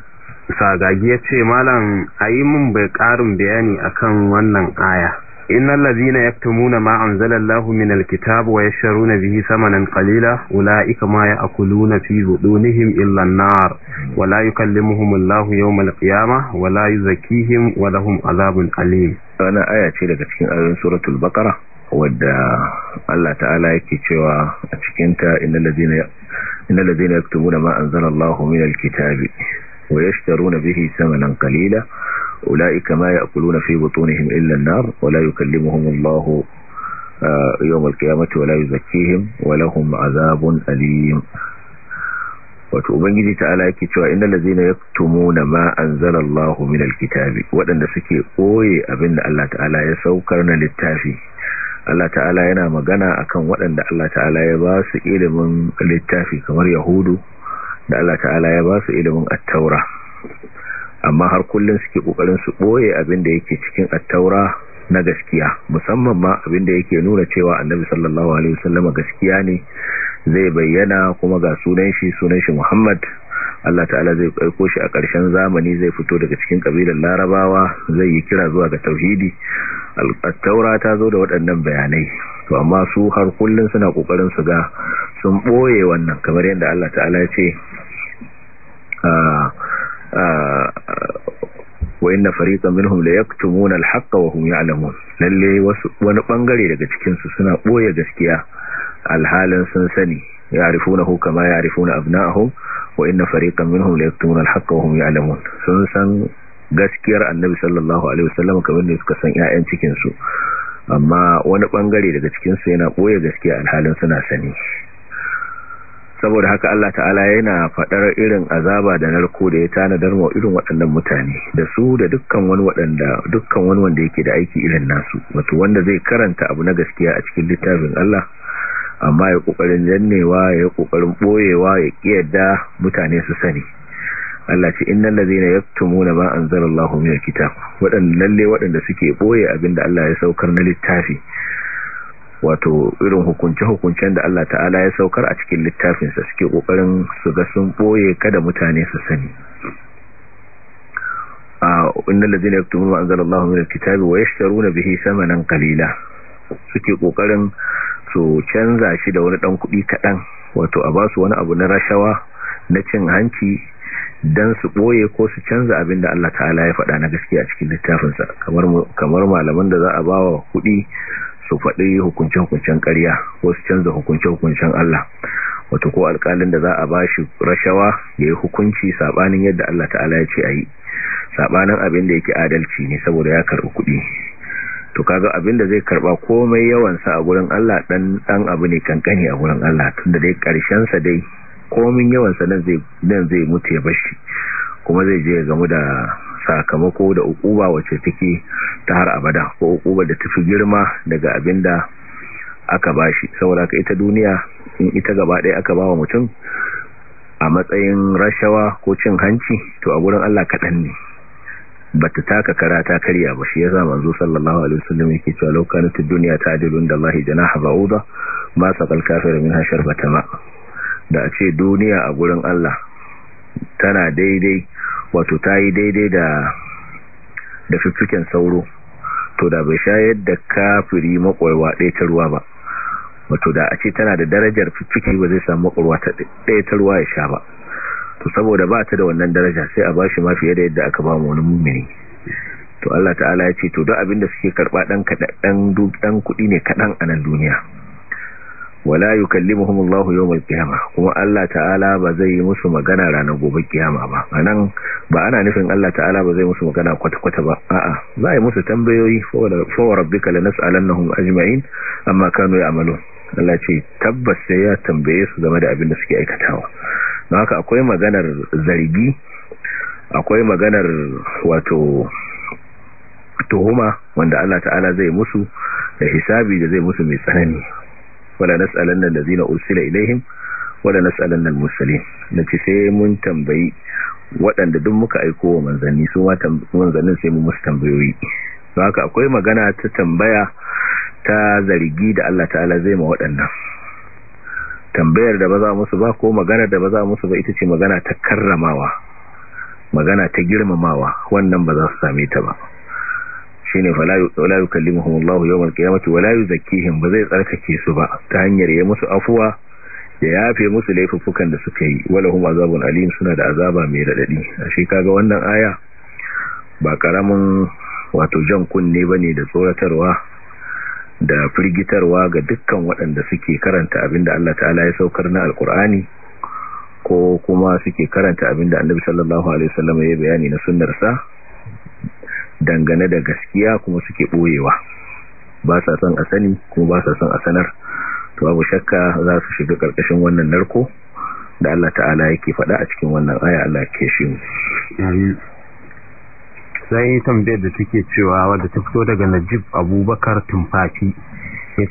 sagagi ya ce malam a mun min bai karin bayani akan wannan aya إن الذين يكتمون ما أنزل الله من الكتاب ويشترون به ثمنا قليلا أولئك ما يأكلون في بطونهم إلا النار ولا يكلمهم الله يوم القيامة ولا يزكيهم ولهم عذاب أليم أنا آية daga cikin ayoyin suratul bakara wadda Allah ta'ala yake cewa a cikin ta innal ladina innal ladina yaktumuna ma anzala Allahu min alkitabi wa bihi أولئك ما يأكلون في بطونهم إلا النار ولا يكلمهم الله يوم القيامة ولا يزكيهم ولهم عذاب أليم wato ubangiji ta'ala yake cewa innal ladzina yaktumuna ma anzalallahu minal kitabi wadanda suke koye abinda Allah ta'ala ya saukar na littafi Allah ta'ala yana magana akan wadanda Allah ta'ala ya ba su ilimin littafi kamar yahudu da Allah ta'ala ya basu ilimin at-taura amma har kullum suke kokarin su boye abin da yake cikin attaura na gaskiya musamman ma abin da yake nuna cewa annabi sallallahu alaihi wasallam gaskiya ne zai bayyana kuma ga sunan shi sunan shi Muhammad Allah ta'ala zai aiko shi a ƙarshen zamani zai fito daga cikin ƙabilar Larabawa zai yi kira zuwa ga tauhidi al-taura ta zo da waɗannan bayanai to amma su har kullun suna kokarin su ga sun boye wannan kamar yadda Allah ta'ala ya ce ah, ah, wa inna fariqan minhum la yaktumuna al-haqqa wa hum ya'lamun lalle wani bangare daga cikin su suna boye gaskiya alhalin sun sani ya'rifunahu kama ya'rifuna abna'ahum wa inna fariqan minhum la yaktumuna al-haqqa wa hum ya'lamun sun san gaskiyar annabi sallallahu alaihi wasallam kamar da suka san ƴaƴan cikin su amma wani bangare daga cikin su yana boye gaskiya alhalin suna sani saboda haka Allah ta'ala yana faɗar irin azaba da narko da ya tanadar wa irin waɗannan mutane da su da dukkan wani waɗanda dukkan wani wanda yake da aiki irin nasu wato wanda zai karanta abu na gaskiya a cikin littafin Allah amma ya kokarin jannewa ya kokarin boyewa ya kiyarda mutane su sani Allah ce innal ladina yaktumuna ma anzalallahu min alkitab waɗannan lalle waɗanda suke boye abinda Allah ya saukar na littafi wato irin hukunce-hukuncen da Allah ta'ala ya saukar a cikin littafinsa suke kokarin su ga sun boye kada mutane su sani a innal ladina yaktumuna anzalallahu min kitabi wa yashtaruna bihi samanan qalila suke kokarin su canza shi da wani dan kuɗi kaɗan wato a basu wani abu na rashawa na cin hanci dan su boye ko su canza abin da Allah ta'ala ya faɗa na gaskiya a cikin littafinsa kamar kamar malaman da za a bawa kuɗi su faɗi hukunce-hukuncen ƙarya ko su canza hukunce-hukuncen Allah wato ko alƙalin da za a ba shi rashawa ya yi hukunci saɓanin yadda Allah ta'ala ya ce a yi saɓanin abin da yake adalci ne saboda ya karɓi kuɗi to kaga abin da zai karɓa komai yawansa a gurin Allah ɗan ɗan abu ne kankani a gurin Allah tunda dai ƙarshensa dai komin yawansa nan zai mutu ya bashi kuma zai je ya gamu da sakamako da ukuba wacce take ta har abada ko ukuba da tafi girma daga abinda aka bashi saboda ka ita duniya in ita gaba ɗaya aka bawa mutum a matsayin rashawa ko cin hanci to a gurin Allah kaɗan ne bata taka kara ta karya ba shi yasa manzo sallallahu alaihi wasallam yake cewa lokacin ta duniya ta dilun da Allah ya ba'uda ma saqal kafir min sharbata ma da a ce duniya a gurin Allah tana daidai wato ta yi daidai da da fiffiken sauro to da bai yadda da kafiri makwarwa ɗaya ta ruwa ba wato da a ce tana da darajar fiffiki ba zai samu makwarwa ta ɗaya ta ruwa ya sha ba to saboda ba ta da wannan daraja sai a bashi ma fiye da yadda aka ba mu wani mummini to Allah ta'ala ya ce to duk abin da suke karba dan kadan dan kuɗi ne kaɗan a nan duniya wala yukallimuhum Allahu mai kiyama kuma Allah ta'ala ba zai yi musu magana ranar gobe kiyama ba anan ba ana nufin Allah ta'ala ba zai musu magana kwata-kwata ba a'a za a yi musu tambayoyi fa rabbika lanas'alannahum ajima'in amma ya ya'malun Allah ce tabbas sai ya tambaye su game da abin da suke aikatawa don haka akwai maganar zargi akwai maganar wato tuhuma wanda Allah ta'ala zai musu da hisabi da zai musu mai tsanani wala nas'alanna zina ursila ilaihim wala nas'alanna al-mursalin nace sai mun tambayi waɗanda duk muka aiko wa manzanni su ma manzannin sai mun musu tambayoyi don haka akwai magana ta tambaya ta zargi da Allah ta'ala zai ma waɗannan tambayar da ba za musu ba ko magana da ba za musu ba ita ce magana ta karramawa magana ta girmamawa wannan ba za su same ta ba shine fa la yukallimuhum Allahu yawmal qiyamati wa la yuzakkihim ba zai tsarkake su ba ta hanyar ya musu afuwa da yafe musu laifukan da suka yi wala hum azabun alim suna da azaba mai radadi ashe kaga wannan aya ba karamin wato jan kunne bane da tsoratarwa da firgitarwa ga dukkan waɗanda suke karanta abinda Allah ta'ala ya saukar na alkur'ani ko kuma suke karanta abinda annabi sallallahu alaihi wasallam ya bayani na sunnarsa dangane da gaskiya kuma suke ɓoyewa ba sa son a sani kuma ba sa son a sanar to babu shakka za su shiga ƙarƙashin wannan narko da Allah ta'ala yake faɗa a cikin wannan aya Allah ke shi mu sai tambayar da take cewa wadda ta fito daga Najib Abubakar Tumfafi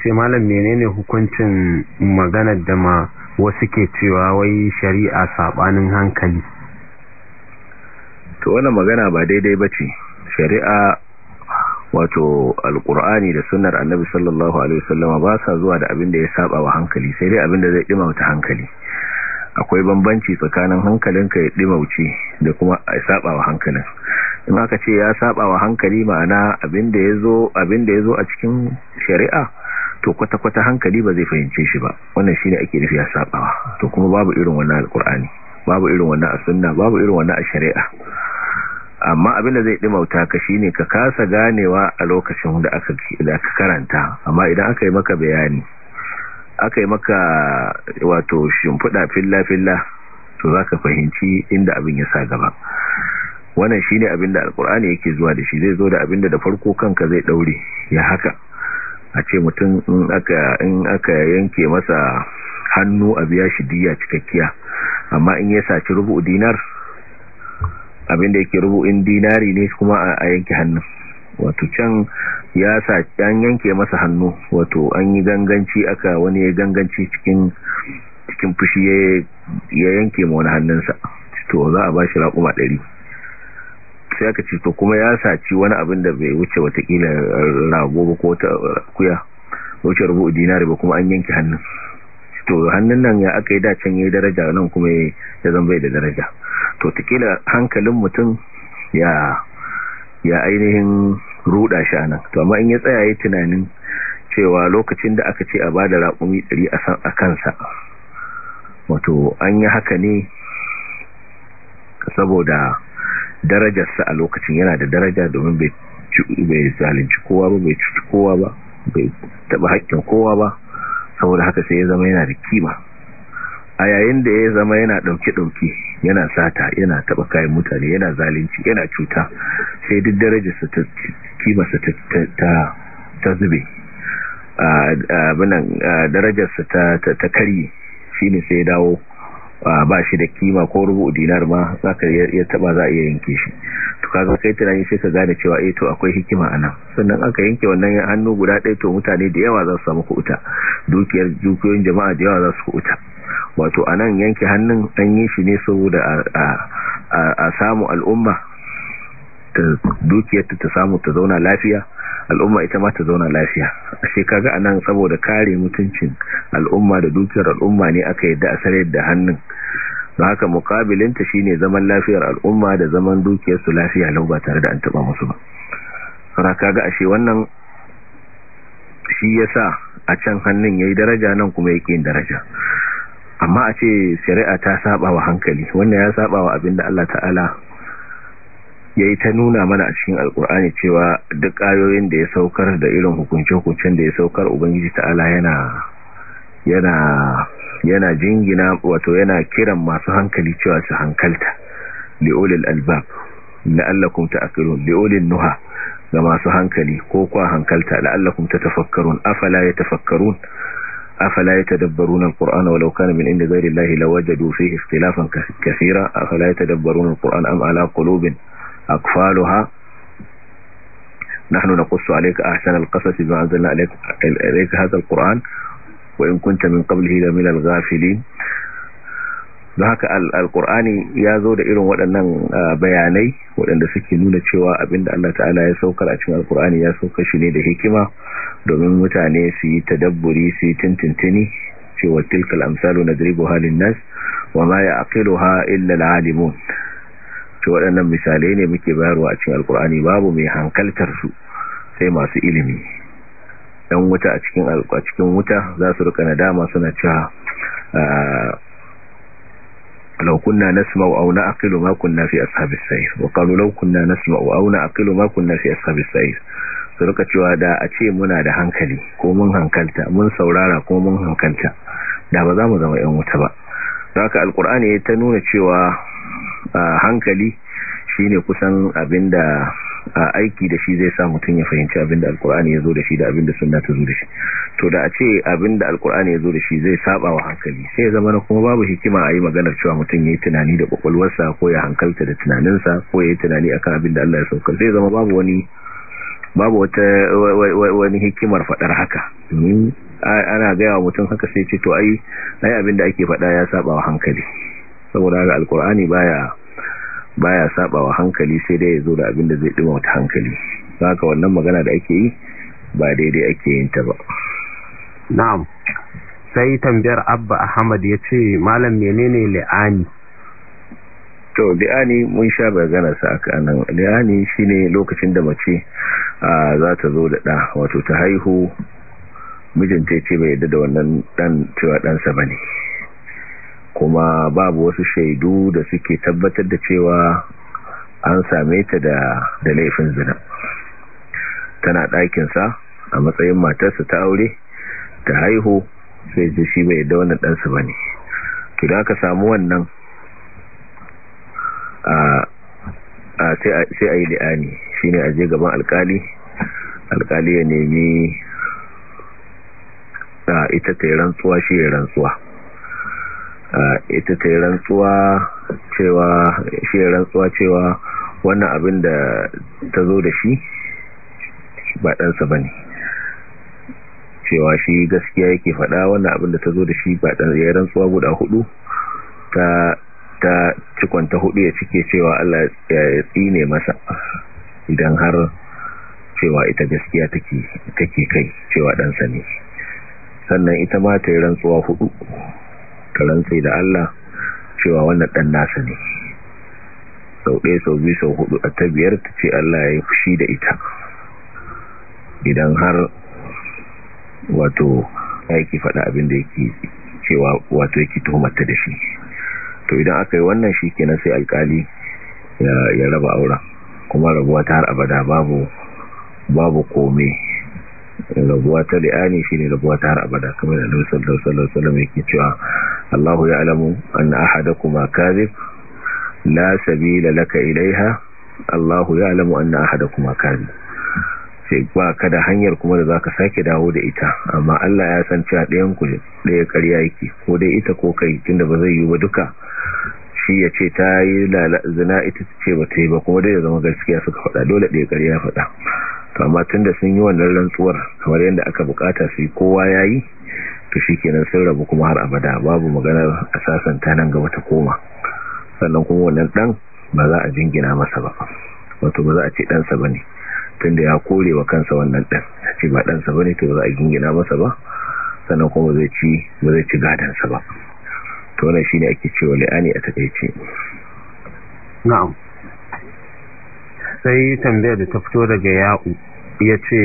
ce malam menene hukuncin maganar da ma wasu ke cewa wai shari'a sabanin hankali to wannan magana ba daidai bace shari'a wato alkur'ani da sunnar annabi sallallahu alaihi wasallam ba sa zuwa da abin da ya saba wa hankali sai dai abin da zai dimauta hankali akwai bambanci tsakanin hankalinka ya wuce da kuma ya saba wa hankalin in aka ce ya saba wa hankali ma'ana abin da yazo abin da yazo a cikin shari'a to kwata kwata hankali ba zai fahimce shi ba wannan shine ake nufi ya sabawa to kuma babu irin wannan alkur'ani babu irin wannan a sunna babu irin wannan a shari'a amma abin da zai dimauta ka shine ka kasa ganewa a lokacin da aka da aka karanta amma idan aka yi maka bayani aka yi maka wato shimfiɗa filla filla to zaka fahimci inda abin ya sa gaba wannan shine abin da alkur'ani yake zuwa da shi zai zo da abin da da farko kanka zai daure ya haka a ce mutum in aka in aka yanke masa hannu a biya shi diya cikakkiya amma in ya saci rubu dinar abinda yake rubu'in dinari ne kuma a yanke hannun wato can ya sa an yanke masa hannu wato an yi ganganci aka wani ya ganganci cikin cikin fushi ya yanke ma wani hannunsa to za a ba shi raƙuma ɗari sai aka ce to kuma ya saci wani abin da bai wuce watakila rago ba ko ta kuya wuce rubu dinari ba kuma an yanke hannun to hannun nan ya aka yi dacen ya yi daraja nan kuma ya zan bai da daraja to tikila hankalin mutum ya ya ainihin ruda shi anan to amma in ya tsaya yi tunanin cewa lokacin da aka ce a bada raƙumi 100 a a kansa wato an yi haka ne saboda darajarsa a lokacin yana da daraja domin bai zalunci kowa ba bai cuci kowa ba bai taba haƙƙin kowa ba saboda haka sai ya zama yana da kima a yayin da ya zama yana ɗauke-ɗauke yana sata yana taɓa kayan mutane yana zalinci yana cuta sai duk darajarsa ta su ta zube darajarsa ta karye shi ne sai dawo ba shi da kima ko rubu dinar ma za ka ya taɓa za a iya yanke shi to kaga kai tunani sai ka gane cewa e akwai hikima anan sannan aka yanke wannan hannu guda ɗaya to mutane da yawa za su samu kuuta dukiyar jukiyoyin jama'a da yawa za su kuuta wato a nan yanke hannun an yi shi ne saboda a samu al'umma dukiyarta ta samu ta zauna lafiya al'umma ita ma ta zauna lafiya ashe kaga anan saboda kare mutuncin al'umma da dukiyar al'umma ne aka yadda a sarayar da hannun da haka mukabilinta shi ne zaman lafiyar al'umma da zaman dukiyar su lafiya lau ba tare da an taba musu ba kana kaga ashe wannan shi yasa a can hannun ya yi daraja nan kuma yake yin daraja amma a ce shari'a ta saba wa hankali wannan ya saba wa abinda Allah ta'ala ya yi ta nuna mana a cikin alkur'ani cewa duk ƙayoyin da ya saukar da irin hukunce-hukuncen da ya saukar ubangiji ta'ala yana yana yana jingina wato yana kiran masu hankali cewa su hankalta li'ulil albab la'allakum ta'qilun li'ulil nuha ga masu hankali ko kwa hankalta la'allakum tatafakkarun afala yatafakkarun أفلا يتدبرون القرآن ولو كان من عند غير الله لوجدوا فيه اختلافا كثيرا أفلا يتدبرون القرآن أم على قلوب أقفالها نحن نقص عليك أحسن القصص بما أنزلنا عليك, عليك هذا القرآن وإن كنت من قبله لمن الغافلين don haka alkur'ani ya zo da irin waɗannan bayanai waɗanda suke nuna cewa abinda Allah ta'ala ya saukar a cikin alkur'ani ya sauka shi ne da hikima domin mutane su yi tadabburi su yi tintintini cewa tilkal amsalu diribu halin nas wa ma ha illa al to waɗannan misalai ne muke bayarwa a cikin alkur'ani babu mai hankaltar su sai masu ilimi dan wuta a cikin wuta za su rika nadama suna cewa لو كنا نسمع او نعقل ma kunna في اصحاب السيف وقالوا لو كنا نسمع او نعقل ما ma kunna اصحاب السيف cewa da a ce muna da hankali ko mun hankalta mun saurara ko mun hankalta da ba za mu zama yan wuta ba haka alkur'ani ta nuna cewa hankali shine kusan abinda aiki da shi zai sa mutum ya fahimci abinda alkur'ani ya zo da shi da abinda sunna ta zo da shi to da a ce abinda alkur'ani ya zo da shi zai saba wa hankali sai ya zama kuma babu hikima a yi maganar cewa mutum ya yi tunani da kwakwalwarsa ko ya hankalta da tunaninsa ko ya yi tunani akan abinda Allah ya sauka zai zama babu wani babu wata wani hikimar faɗar haka domin ana gaya wa mutum haka sai ce to ai ai abinda ake faɗa ya saba wa hankali saboda haka alkur'ani baya baya saba wa hankali sai dai ya zo da abin da zai dima wata hankali haka wannan magana da ake yi ba daidai ake yin ta ba na'am sai tambayar abba ahmad ya ce malam menene li'ani to li'ani mun sha bagana sa aka nan li'ani shine lokacin da mace za ta zo da da wato ta haihu mijinta ya ce bai yadda da wannan dan cewa ɗansa ba ne kuma babu wasu shaidu da suke tabbatar da cewa an same ta da laifin zina tana ɗakinsa a matsayin matarsa ta aure ta haihu sai ji shi bai da wannan ɗansa ba ne to da aka samu wannan sai a yi li'ani shi ne a je gaban alkali alkali ya nemi ita ta yi rantsuwa shi ya rantsuwa ita ta yi rantsuwa cewa shi rantsuwa cewa wannan abin da ta zo da shi ba ɗansa ba ne cewa shi gaskiya yake faɗa wannan abin da ta zo da shi ba ɗan ya rantsuwa guda hudu ta ta cikonta hudu ya cike cewa Allah ya tsine masa idan har cewa ita gaskiya take take kai cewa ɗansa ne sannan ita ma ta yi rantsuwa hudu ka sai da Allah cewa wannan dan nasa ne sau ɗaya sau biyu sau hudu a tabiyar ta ce Allah ya yi fushi da ita idan har wato yake faɗa abin da yake cewa wato yake tuhumarta da shi to idan aka yi wannan shi kenan sai alkali ya raba auren kuma rabuwa ta har abada babu babu kome rabuwa ta li'ani ne rabuwa ta har abada kamar da sallallahu alaihi wasallam yake cewa Allahu ya'lamu anna ahadakuma kadhib la sabila laka ilaiha Allahu ya'lamu anna ahadakuma kadhib sai ba ka da hanyar kuma da zaka sake dawo da ita amma Allah ya san cewa ɗayan ku ɗaya ƙarya yake ko dai ita ko kai tunda ba zai yi ba duka shi ya ce ta yi zina ita ce ba ta yi ba kuma dai ya zama gaskiya suka faɗa dole ɗaya ƙarya faɗa to amma tun da sun yi wannan rantsuwar kamar yadda aka bukata su yi kowa ya yi to shi kenan sun rabu kuma har abada babu maganar a sasanta nan gaba ta koma sannan kuma wannan dan ba za a jingina masa ba wato ba za a ce ɗansa ba ne tun da ya kore wa kansa wannan ɗan ya ce ba ɗansa ba ne to za a jingina masa ba sannan kuma zai ci ba zai ci gadansa ba to wannan shi ne ake cewa la'ani a takaice na'am sai tambayar da ta fito daga ya'u ya ce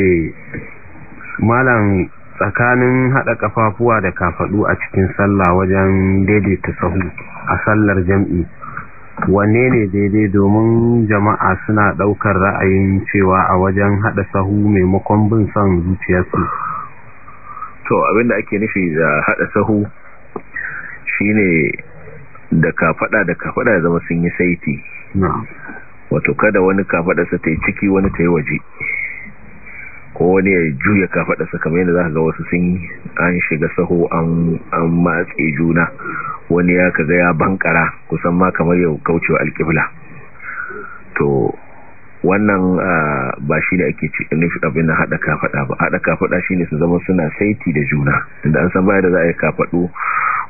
malam tsakanin haɗa kafafuwa da kafaɗu a cikin sallah wajen daidaita sahu a sallar jam'i wanne ne daidai domin jama'a suna ɗaukar ra'ayin cewa a wajen haɗa sahu maimakon bin son zuciyarsu to abinda ake nufi da haɗa sahu shine da kafaɗa da kafaɗa zama sun yi saiti wato kada wani kafaɗarsa ta yi ciki wani ta yi waje ko wani ya juya kafadarsa kamar yadda za ka ga wasu sun yi an shiga saho an matse juna wani ya kaga ya bankara kusan ma kamar yau kaucewa alkibla to wannan ba shi da ake nufi abin na haɗa kafaɗa ba haɗa kafaɗa shi ne su zama suna saiti da juna inda an san baya da za a yi kafaɗo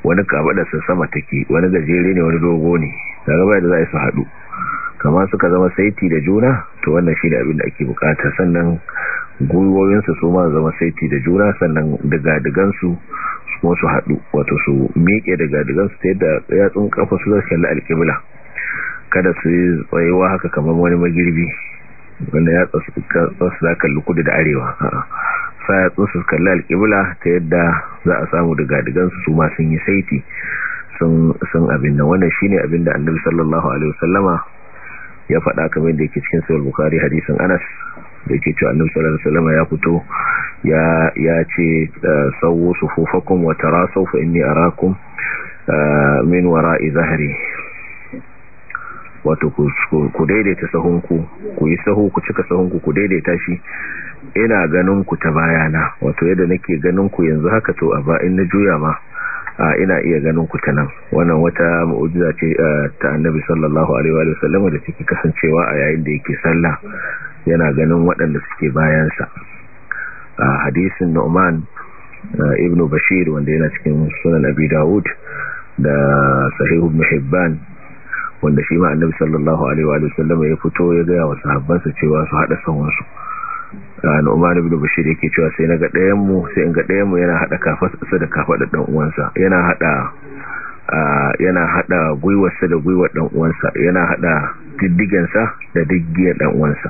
wani kafaɗarsa sama take wani gajere ne wani dogo ne daga baya da za a yi su haɗu kama suka zama saiti da juna to wannan shi da abin da ake bukata sannan gwiwoyinsu su ma zama saiti da juna sannan daga digansu kuma su haɗu wato su miƙe daga digansu ta yadda yatsun kafa su zai kalli alƙibla kada su yi tsayewa haka kamar wani magirbi wanda ya tsasu za kalli kudu da arewa sa ya tsasu kalli alƙibla ta yadda za a samu daga digansu su ma sun yi saiti sun abin nan wannan shine abin da annabi sallallahu alaihi wasallama ya faɗa kamar da yake cikin sahih bukhari hadisin Anas da ke cewa annabi sallallahu alaihi wasallam ya fito ya ya ce eh, sawu sufufakum wa tarasu fa inni arakum eh, min wara'i zahri wato ku daidaita sahunku ku yi sahu ku cika sahunku ku daidaita shi ina ganin ku ta bayana wato yadda nake ganin ku yanzu haka to a ba in na juya ma a ina iya ganin ku ta nan wannan wata mu'ujiza ce eh, ta annabi sallallahu alaihi wa sallam da take kasancewa a yayin da yake sallah yana ganin waɗanda suke bayansa a hadisin nu'man ibn bashir wanda yana cikin sunan abi dawud da sahih ibn hibban wanda shi ma annabi sallallahu alaihi wa sallam ya fito ya ga wa habbansa cewa su hada sanwansu nu'man ibn bashir yake cewa sai naga ɗayan mu sai in ga mu yana haɗa kafarsa da kafadar dan uwansa yana haɗa yana hada gwiwarsa da gwiwar dan uwansa yana hada diddigensa da diggiyar dan uwansa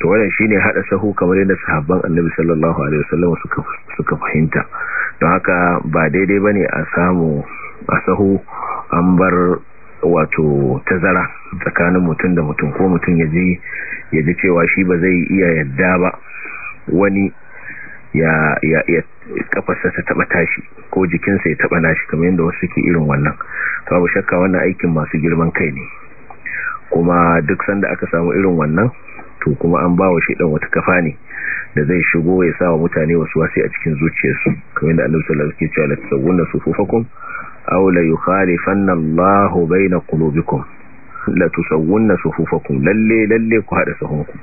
to wannan shine hada sahu kamar yadda sahabban annabi sallallahu alaihi wasallam suka suka fahimta don haka ba daidai bane a samu a sahu an bar wato tazara tsakanin mutum da mutum ko mutum yaje yaje cewa shi ba zai iya yadda ba wani ya ya ya kafarsa ta taba tashi ko jikinsa ya taba nashi kamar yadda wasu suke irin wannan babu shakka wannan aikin masu girman kai ne kuma duk sanda aka samu irin wannan to kuma an ba wa shaidan wata kafa ne da zai shigo ya sa wa mutane wasu wasi a cikin zuciyarsu kamar da annabi sallallahu alaihi wasallam ke cewa la tasawwunna sufufakum aw la yukhalifanna Allahu baina qulubikum la tusawwunna sufufakum lalle lalle ku hada sahunku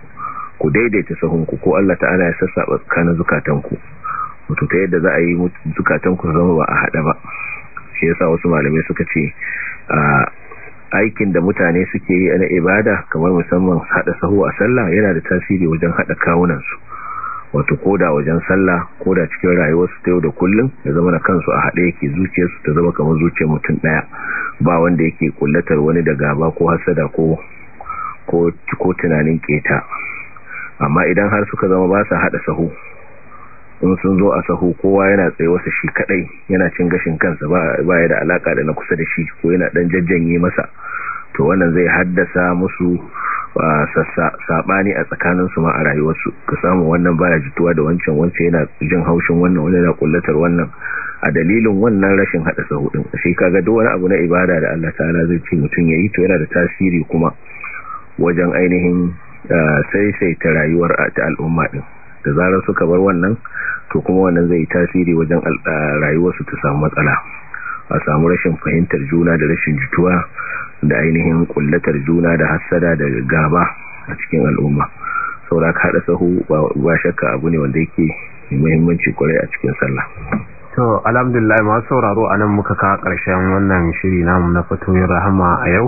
ku daidaita sahunku ko Allah ta'ala ya sassaba tsakanin zukatanku wato ta yadda za a yi zukatanku zama ba a hada ba shi yasa wasu malamai suka ce ah, aikin da mutane suke yi na ibada kamar musamman hada sahu a sallah yana da tasiri wajen hada kawunansu wato koda wajen sallah koda cikin rayuwarsu ta yau da kullum ya zama na kansu a haɗe yake zuciyarsu ta zama kamar zuciyar mutum daya ba wanda yake kullatar wani da gaba ko hasada ko ko tunanin keta amma idan har suka zama ba su haɗa sahu in sun zo a saho kowa yana tsaye wasu shi kadai yana cin gashin kansa ba ya da alaka da na kusa da shi ko yana dan jajjanye masa to wannan zai haddasa musu sabani a tsakaninsu ma a rayuwarsu ka samu wannan baya jituwa da wancan wancan yana jin haushin wannan wani na kullatar wannan a dalilin wannan rashin hada sahu din shi kaga duk wani abu na ibada da Allah ta'ala zai ce mutum yayi to yana da tasiri kuma wajen ainihin saisaita rayuwar ta al'umma din da zarar suka bar wannan to kuma wannan zai tasiri wajen rayuwarsu ta samu matsala a samu rashin fahimtar juna da rashin jituwa da ainihin kullatar juna da hassada da gaba a cikin al'umma saura ka haɗa sahu ba shakka abu ne wanda yake muhimmanci kwarai a cikin sallah to alhamdulillah masu sauraro a nan muka kawo ƙarshen wannan shiri namu na fatoyin rahama a yau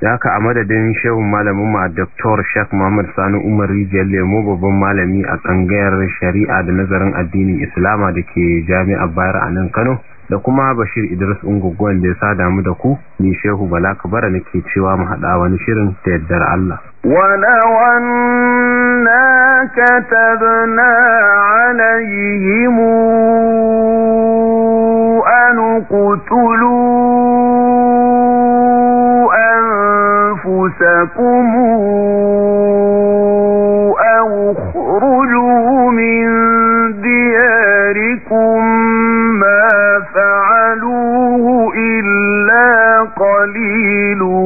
da haka a madadin shehun malamin ma Dr. Sheikh Muhammad Sani Umar Rijiyar Lemo babban malami a tsangayar shari'a da nazarin addinin Islama da ke jami'ar Bayar a nan Kano da kuma Bashir Idris Ungugwan da ya sa damu da ku ni Shehu Bala Kabara nake cewa mu hada wani shirin ta yaddar Allah. أن قتلوا أنفسكم أو اخرجوا من دياركم ما فعلوه إلا قليل